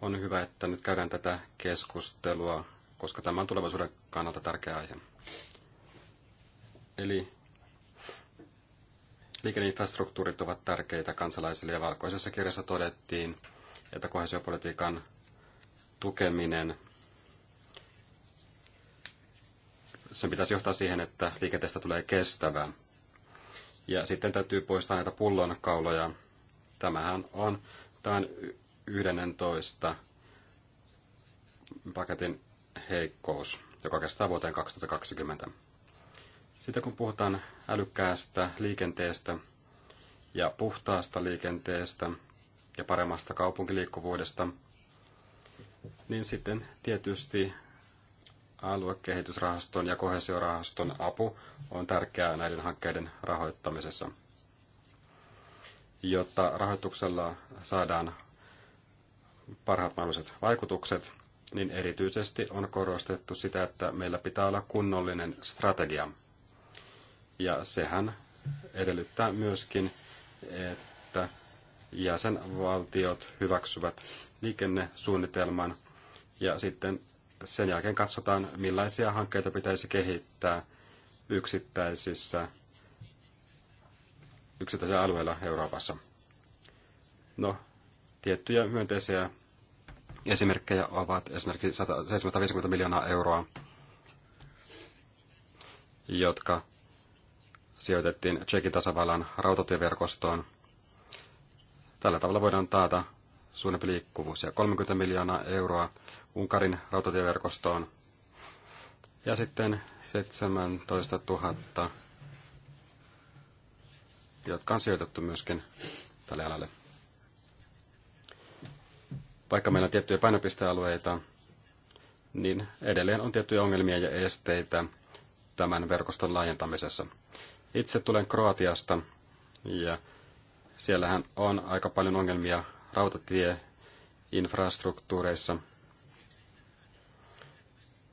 On hyvä, että nyt käydään tätä keskustelua, koska tämä on tulevaisuuden kannalta tärkeä aihe. Eli Liikenneinfrastruktuurit ovat tärkeitä kansalaisille ja valkoisessa kirjassa todettiin, että kohesiopolitiikan tukeminen sen pitäisi johtaa siihen, että liikenteestä tulee kestävää. Ja sitten täytyy poistaa näitä pullonkauloja. Tämähän on tämän 11 paketin heikkous, joka kestää vuoteen 2020. Sitten kun puhutaan älykkäästä liikenteestä ja puhtaasta liikenteestä ja paremmasta kaupunkiliikkuvuudesta, niin sitten tietysti aluekehitysrahaston ja kohesiorahaston apu on tärkeää näiden hankkeiden rahoittamisessa, jotta rahoituksella saadaan parhaat mahdolliset vaikutukset, niin erityisesti on korostettu sitä, että meillä pitää olla kunnollinen strategia – ja sehän edellyttää myöskin, että jäsenvaltiot hyväksyvät liikennesuunnitelman ja sitten sen jälkeen katsotaan, millaisia hankkeita pitäisi kehittää yksittäisissä yksittäisillä alueilla Euroopassa. No, tiettyjä myönteisiä esimerkkejä ovat esimerkiksi 750 miljoonaa euroa, jotka sijoitettiin Tsekin tasavallan rautatieverkostoon. Tällä tavalla voidaan taata suunnempi liikkuvuus ja 30 miljoonaa euroa Unkarin rautatieverkostoon. Ja sitten 17 000, jotka on sijoitettu myöskin tälle alalle. Vaikka meillä on tiettyjä painopistealueita, niin edelleen on tiettyjä ongelmia ja esteitä tämän verkoston laajentamisessa. Itse tulen Kroatiasta ja siellähän on aika paljon ongelmia rautatieinfrastruktuureissa.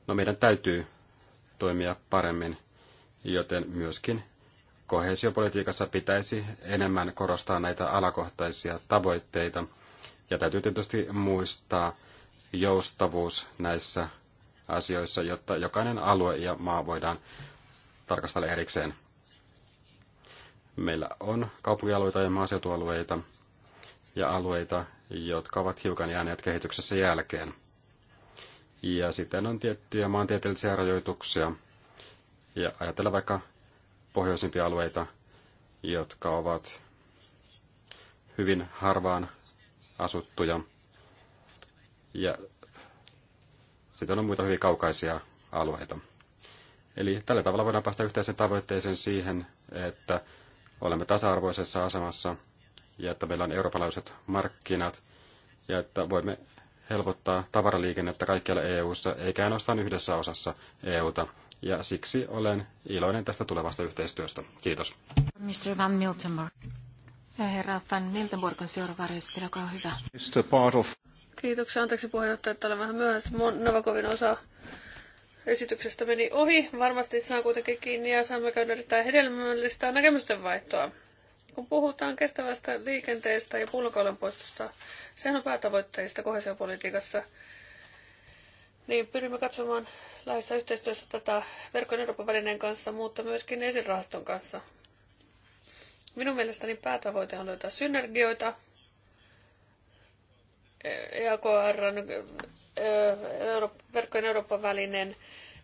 No meidän täytyy toimia paremmin, joten myöskin kohesiopolitiikassa pitäisi enemmän korostaa näitä alakohtaisia tavoitteita. Ja täytyy tietysti muistaa joustavuus näissä asioissa, jotta jokainen alue ja maa voidaan tarkastella erikseen. Meillä on kaupunkialueita ja maaseutualueita ja alueita, jotka ovat hiukan jääneet kehityksessä jälkeen. Ja sitten on tiettyjä maantieteellisiä rajoituksia. Ja ajatella vaikka pohjoisimpia alueita, jotka ovat hyvin harvaan asuttuja. Ja sitten on muita hyvin kaukaisia alueita. Eli tällä tavalla voidaan päästä yhteisen tavoitteeseen siihen, että olemme tasa-arvoisessa asemassa ja että meillä on eurooppalaiset markkinat ja että voimme helpottaa tavaraliikennettä kaikkialla EU-ssa, eikä ainoastaan yhdessä osassa EUta. Ja siksi olen iloinen tästä tulevasta yhteistyöstä. Kiitos. Mr. Van Miltenborg. Herra Van Miltenborg on seuraava järjestely, olkaa hyvä. Kiitoksia. Anteeksi puheenjohtaja, että olen vähän myöhässä. Novakovin osa esityksestä meni ohi. Varmasti saa kuitenkin kiinni ja saamme käydä erittäin hedelmällistä näkemysten vaihtoa. Kun puhutaan kestävästä liikenteestä ja pullonkaulan poistosta, sehän on päätavoitteista kohesiopolitiikassa, niin pyrimme katsomaan läheisessä yhteistyössä tätä verkon Euroopan välineen kanssa, mutta myöskin esirahaston kanssa. Minun mielestäni päätavoite on löytää synergioita EAKR, e Euroopan verkkojen Euroopan välinen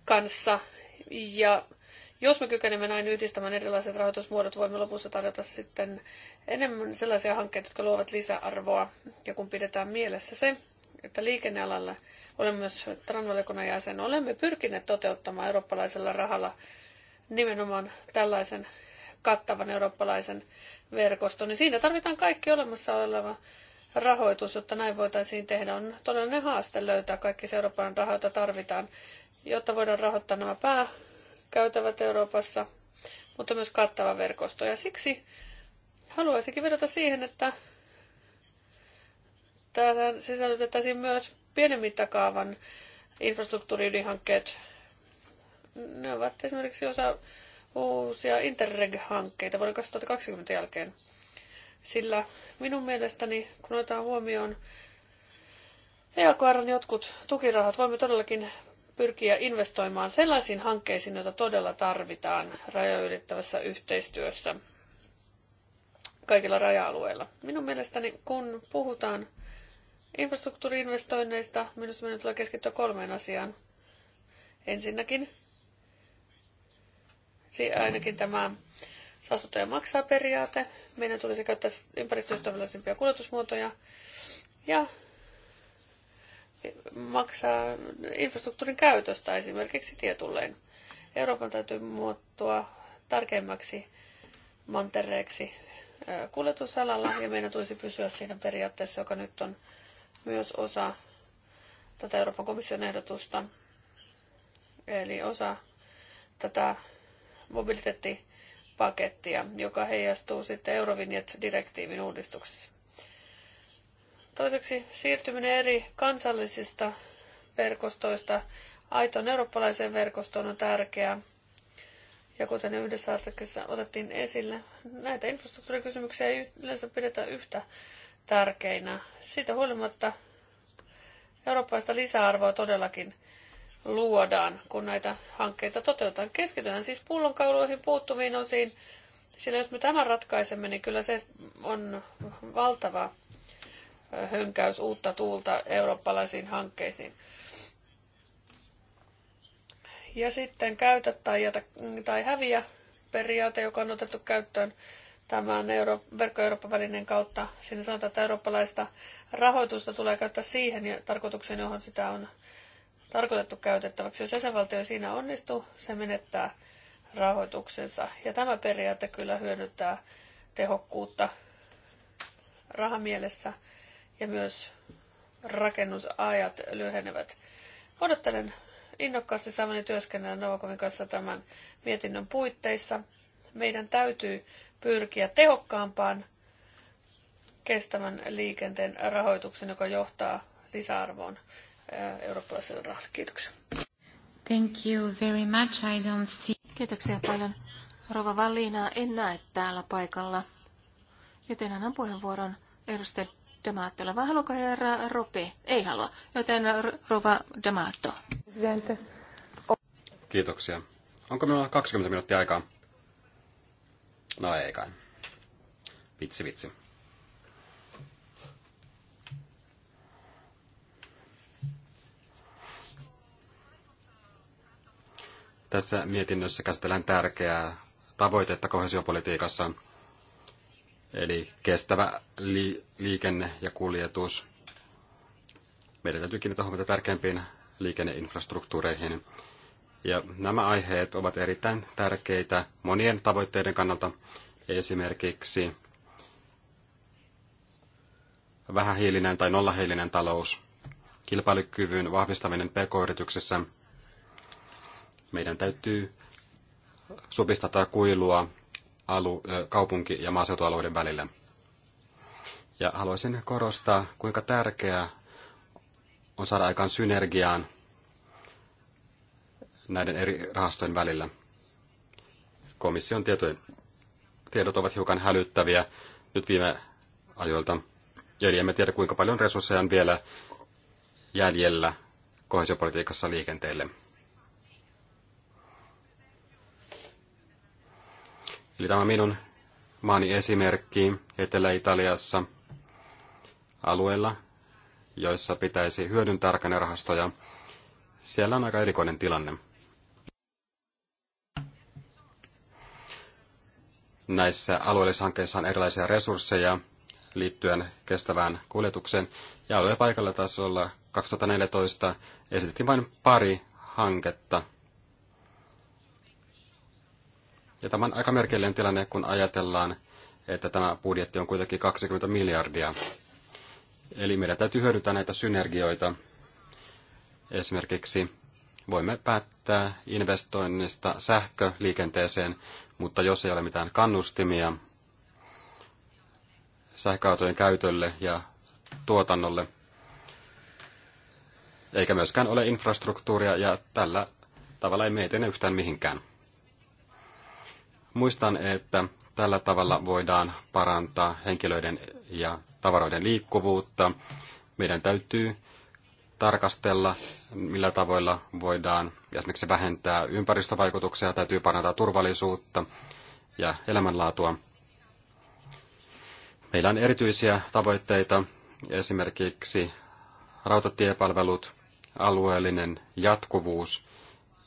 kanssa. Ja jos me kykenemme näin yhdistämään erilaiset rahoitusmuodot, voimme lopussa tarjota sitten enemmän sellaisia hankkeita, jotka luovat lisäarvoa. Ja kun pidetään mielessä se, että liikennealalla olemme myös Transvaliokunnan jäsen, olemme pyrkineet toteuttamaan eurooppalaisella rahalla nimenomaan tällaisen kattavan eurooppalaisen verkoston, niin siinä tarvitaan kaikki olemassa oleva rahoitus, jotta näin voitaisiin tehdä. On todellinen haaste löytää kaikki se Euroopan tarvitaan jotta voidaan rahoittaa nämä pääkäytävät Euroopassa, mutta myös kattava verkosto. Ja siksi haluaisinkin vedota siihen, että tähän sisällytettäisiin myös pienen mittakaavan infrastruktuuriydinhankkeet. Ne ovat esimerkiksi osa uusia Interreg-hankkeita vuoden 2020 jälkeen. Sillä minun mielestäni, kun otetaan huomioon EAKRn jotkut tukirahat, voimme todellakin pyrkiä investoimaan sellaisiin hankkeisiin, joita todella tarvitaan rajoylittävässä yhteistyössä kaikilla raja-alueilla. Minun mielestäni, kun puhutaan infrastruktuuriinvestoinneista, minusta meidän tulee keskittyä kolmeen asiaan. Ensinnäkin, ainakin tämä saastuttaja maksaa periaate. Meidän tulisi käyttää ympäristöystävällisempiä kuljetusmuotoja ja maksaa infrastruktuurin käytöstä esimerkiksi tietulleen. Euroopan täytyy muuttua tarkemmaksi mantereeksi kuljetusalalla ja meidän tulisi pysyä siinä periaatteessa, joka nyt on myös osa tätä Euroopan komission ehdotusta, eli osa tätä mobiliteettipakettia, joka heijastuu sitten eurovignet direktiivin uudistuksessa. Toiseksi siirtyminen eri kansallisista verkostoista aitoon eurooppalaiseen verkostoon on tärkeää. Ja kuten yhdessä artikkelissa otettiin esille, näitä infrastruktuurikysymyksiä ei yleensä pidetä yhtä tärkeinä. Siitä huolimatta eurooppalaista lisäarvoa todellakin luodaan, kun näitä hankkeita toteutetaan. Keskitytään siis pullonkauloihin puuttuviin osiin, sillä jos me tämän ratkaisemme, niin kyllä se on valtava hönkäys uutta tuulta eurooppalaisiin hankkeisiin. Ja sitten käytä tai, jätä, tai häviä periaate, joka on otettu käyttöön tämän Euro- verkko Eurooppa-välineen kautta. Siinä sanotaan, että eurooppalaista rahoitusta tulee käyttää siihen tarkoitukseen, johon sitä on tarkoitettu käytettäväksi. Jos jäsenvaltio siinä onnistuu, se menettää rahoituksensa. Ja tämä periaate kyllä hyödyttää tehokkuutta rahamielessä ja myös rakennusajat lyhenevät. Odottelen innokkaasti saamani työskennellä Novakovin kanssa tämän mietinnön puitteissa. Meidän täytyy pyrkiä tehokkaampaan kestävän liikenteen rahoituksen, joka johtaa lisäarvoon äh, eurooppalaiselle rahalle. Kiitoksia. Thank you very much. I don't see... Kiitoksia paljon. Rova Valliinaa en näe täällä paikalla, joten annan puheenvuoron edustaja Damato. Vai haluaako herra Rope? Ei halua. Joten Rova Damato. Kiitoksia. Onko minulla 20 minuuttia aikaa? No ei kai. Vitsi, vitsi. Tässä mietinnössä käsitellään tärkeää tavoitetta kohesiopolitiikassa – Eli kestävä li- liikenne ja kuljetus. Meidän täytyy kiinnittää huomiota tärkeimpiin liikenneinfrastruktuureihin. Ja nämä aiheet ovat erittäin tärkeitä monien tavoitteiden kannalta, esimerkiksi vähähiilinen tai nollahiilinen talous, kilpailukyvyn vahvistaminen pk-yrityksessä. Meidän täytyy supistaa kuilua alu, kaupunki- ja maaseutualueiden välillä. Ja haluaisin korostaa, kuinka tärkeää on saada aikaan synergiaan näiden eri rahastojen välillä. Komission tietojen, tiedot ovat hiukan hälyttäviä nyt viime ajoilta. Eli emme tiedä, kuinka paljon resursseja on vielä jäljellä kohesiopolitiikassa liikenteelle. Eli tämä minun maani esimerkki Etelä-Italiassa alueella, joissa pitäisi hyödyntää rakennerahastoja. Siellä on aika erikoinen tilanne. Näissä alueellisissa hankkeissa on erilaisia resursseja liittyen kestävään kuljetukseen. Ja alueen paikalla tasolla 2014 esitettiin vain pari hanketta ja tämä on aika merkillinen tilanne, kun ajatellaan, että tämä budjetti on kuitenkin 20 miljardia. Eli meidän täytyy hyödyntää näitä synergioita. Esimerkiksi voimme päättää investoinnista sähköliikenteeseen, mutta jos ei ole mitään kannustimia sähköautojen käytölle ja tuotannolle, eikä myöskään ole infrastruktuuria ja tällä tavalla ei meitä yhtään mihinkään. Muistan, että tällä tavalla voidaan parantaa henkilöiden ja tavaroiden liikkuvuutta. Meidän täytyy tarkastella, millä tavoilla voidaan esimerkiksi vähentää ympäristövaikutuksia, täytyy parantaa turvallisuutta ja elämänlaatua. Meillä on erityisiä tavoitteita, esimerkiksi rautatiepalvelut, alueellinen jatkuvuus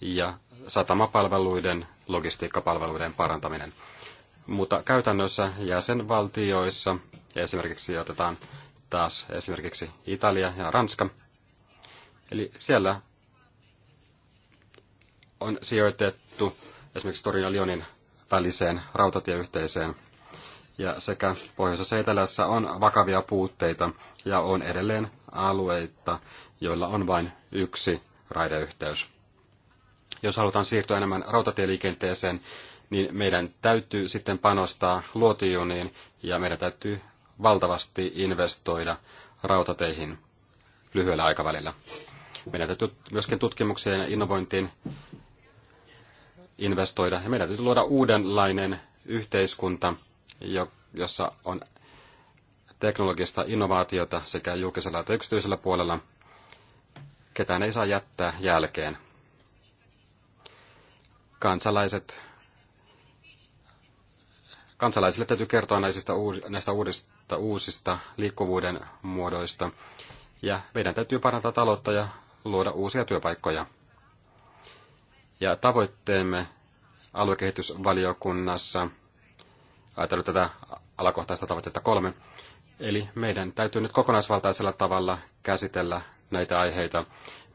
ja satamapalveluiden logistiikkapalveluiden parantaminen. Mutta käytännössä jäsenvaltioissa, esimerkiksi otetaan taas esimerkiksi Italia ja Ranska, eli siellä on sijoitettu esimerkiksi Torin ja Lyonin väliseen rautatieyhteiseen. Ja sekä pohjoisessa etelässä on vakavia puutteita ja on edelleen alueita, joilla on vain yksi raideyhteys. Jos halutaan siirtyä enemmän rautatieliikenteeseen, niin meidän täytyy sitten panostaa luotijuniin ja meidän täytyy valtavasti investoida rautateihin lyhyellä aikavälillä. Meidän täytyy myöskin tutkimukseen ja innovointiin investoida ja meidän täytyy luoda uudenlainen yhteiskunta, jossa on teknologista innovaatiota sekä julkisella että yksityisellä puolella. Ketään ei saa jättää jälkeen kansalaiset, kansalaisille täytyy kertoa näistä, näistä uudista, uusista liikkuvuuden muodoista. Ja meidän täytyy parantaa taloutta ja luoda uusia työpaikkoja. Ja tavoitteemme aluekehitysvaliokunnassa, ajatellut tätä alakohtaista tavoitetta kolme, eli meidän täytyy nyt kokonaisvaltaisella tavalla käsitellä näitä aiheita.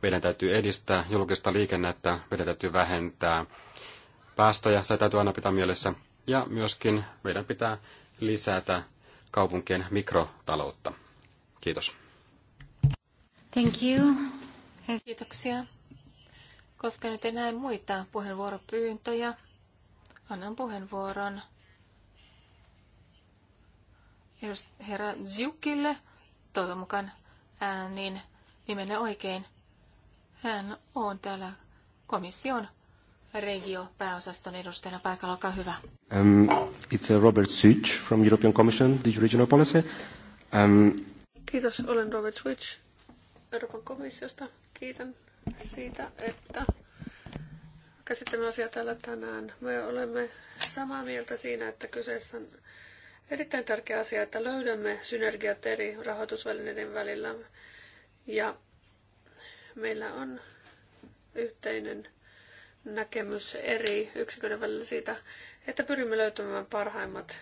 Meidän täytyy edistää julkista liikennettä, meidän täytyy vähentää päästöjä, se täytyy aina pitää mielessä. Ja myöskin meidän pitää lisätä kaupunkien mikrotaloutta. Kiitos. Thank you. Kiitoksia. Koska nyt ei näe muita puheenvuoropyyntöjä, annan puheenvuoron herra Zjukille. Toivon mukaan äänin nimenne oikein. Hän on täällä komission regio pääosaston edustajana paikalla. Olkaa hyvä. Um, it's uh, Robert Switch from European Commission, the regional policy. Um... Kiitos, olen Robert Switch Euroopan komissiosta. Kiitän siitä, että käsittelemme asiaa täällä tänään. Me olemme samaa mieltä siinä, että kyseessä on erittäin tärkeä asia, että löydämme synergiat eri rahoitusvälineiden välillä. Ja meillä on yhteinen näkemys eri yksiköiden välillä siitä, että pyrimme löytämään parhaimmat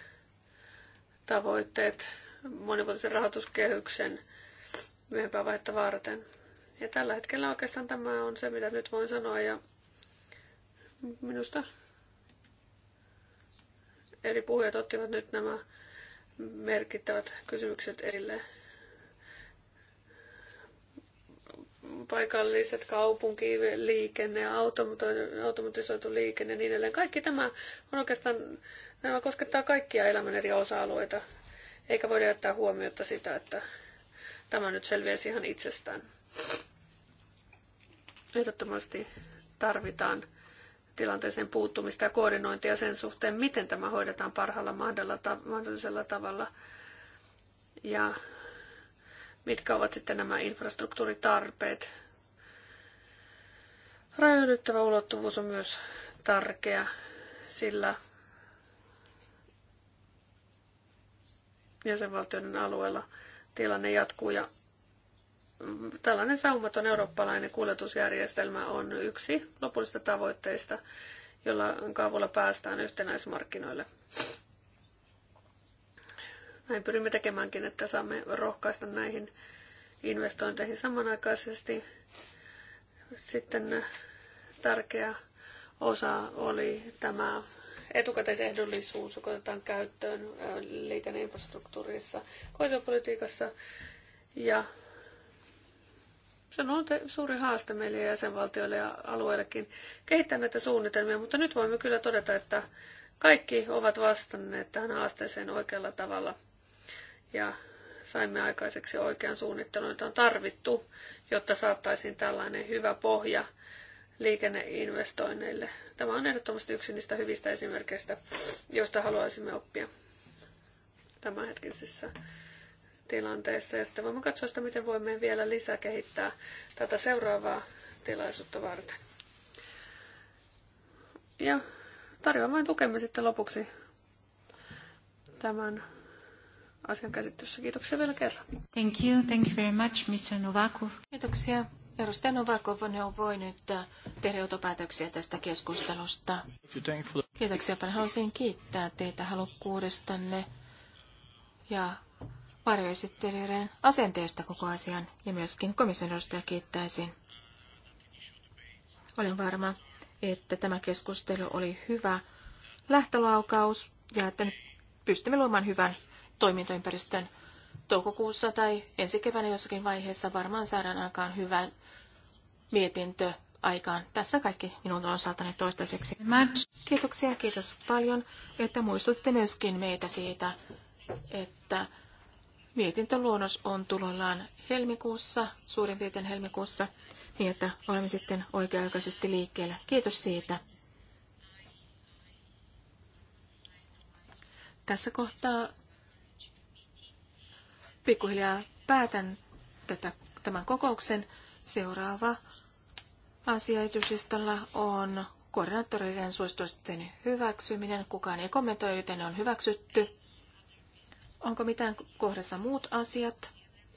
tavoitteet monivuotisen rahoituskehyksen myöhempää vaihetta varten. Ja tällä hetkellä oikeastaan tämä on se, mitä nyt voin sanoa. Ja minusta eri puhujat ottivat nyt nämä merkittävät kysymykset erilleen. paikalliset kaupunki, liikenne, automatisoitu liikenne ja niin edelleen. Kaikki tämä on oikeastaan, nämä koskettaa kaikkia elämän eri osa-alueita, eikä voida jättää huomiota sitä, että tämä nyt selviäisi ihan itsestään. Ehdottomasti tarvitaan tilanteeseen puuttumista ja koordinointia sen suhteen, miten tämä hoidetaan parhaalla mahdollisella tavalla. Ja mitkä ovat sitten nämä infrastruktuuritarpeet. Rajoitettava ulottuvuus on myös tärkeä, sillä jäsenvaltioiden alueella tilanne jatkuu ja tällainen saumaton eurooppalainen kuljetusjärjestelmä on yksi lopullisista tavoitteista, jolla kaavulla päästään yhtenäismarkkinoille. Näin pyrimme tekemäänkin, että saamme rohkaista näihin investointeihin samanaikaisesti. Sitten tärkeä osa oli tämä etukäteisehdollisuus, joka otetaan käyttöön liikenneinfrastruktuurissa, koisopolitiikassa. Ja se on ollut suuri haaste meille ja jäsenvaltioille ja alueillekin kehittää näitä suunnitelmia, mutta nyt voimme kyllä todeta, että kaikki ovat vastanneet tähän haasteeseen oikealla tavalla ja saimme aikaiseksi oikean suunnittelun, jota on tarvittu, jotta saattaisiin tällainen hyvä pohja liikenneinvestoinneille. Tämä on ehdottomasti yksi niistä hyvistä esimerkkeistä, joista haluaisimme oppia tämänhetkisessä tilanteessa. Ja sitten voimme katsoa sitä, miten voimme vielä lisää kehittää tätä seuraavaa tilaisuutta varten. Ja tarjoan vain tukemme sitten lopuksi tämän asian käsittelyssä. Kiitoksia vielä kerran. Thank you. Thank you very much, Mr. Novakov. Kiitoksia. Edustaja Novakov jo voinut äh, tehdä johtopäätöksiä tästä keskustelusta. Kiitoksia paljon. Haluaisin kiittää teitä halukkuudestanne ja varjoesittelijöiden asenteesta koko asian ja myöskin komission edustaja kiittäisin. Olen varma, että tämä keskustelu oli hyvä lähtölaukaus ja että pystymme luomaan hyvän toimintaympäristön. Toukokuussa tai ensi keväänä jossakin vaiheessa varmaan saadaan aikaan hyvä mietintö aikaan. Tässä kaikki minun osaltani toistaiseksi. Kiitoksia, kiitos paljon, että muistutitte myöskin meitä siitä, että mietintöluonnos on tulollaan helmikuussa, suurin piirtein helmikuussa, niin että olemme sitten oikea-aikaisesti liikkeellä. Kiitos siitä. Tässä kohtaa pikkuhiljaa päätän tätä, tämän kokouksen. Seuraava etusistalla on koordinaattoreiden suositusten hyväksyminen. Kukaan ei kommentoi, joten ne on hyväksytty. Onko mitään kohdassa muut asiat?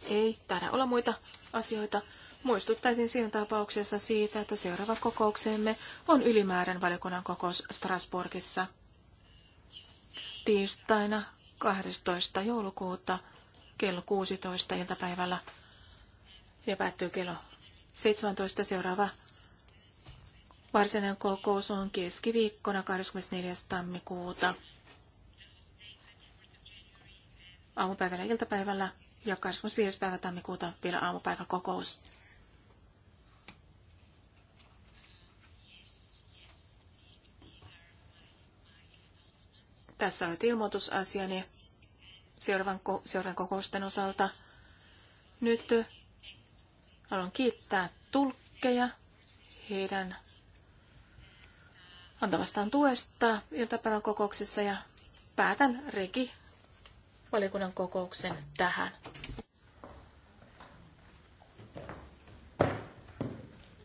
Ei täällä olla muita asioita. Muistuttaisin siinä tapauksessa siitä, että seuraava kokouksemme on ylimäärän valiokunnan kokous Strasbourgissa tiistaina 12. joulukuuta kello 16 iltapäivällä ja päättyy kello 17 seuraava varsinainen kokous on keskiviikkona 24. tammikuuta aamupäivällä iltapäivällä ja 25. päivä tammikuuta vielä aamupäiväkokous. Tässä olet ilmoitusasiani seuraavan, seuraavan kokousten osalta. Nyt äh, haluan kiittää tulkkeja heidän antavastaan tuesta iltapäivän kokouksessa ja päätän Regi valiokunnan kokouksen tähän.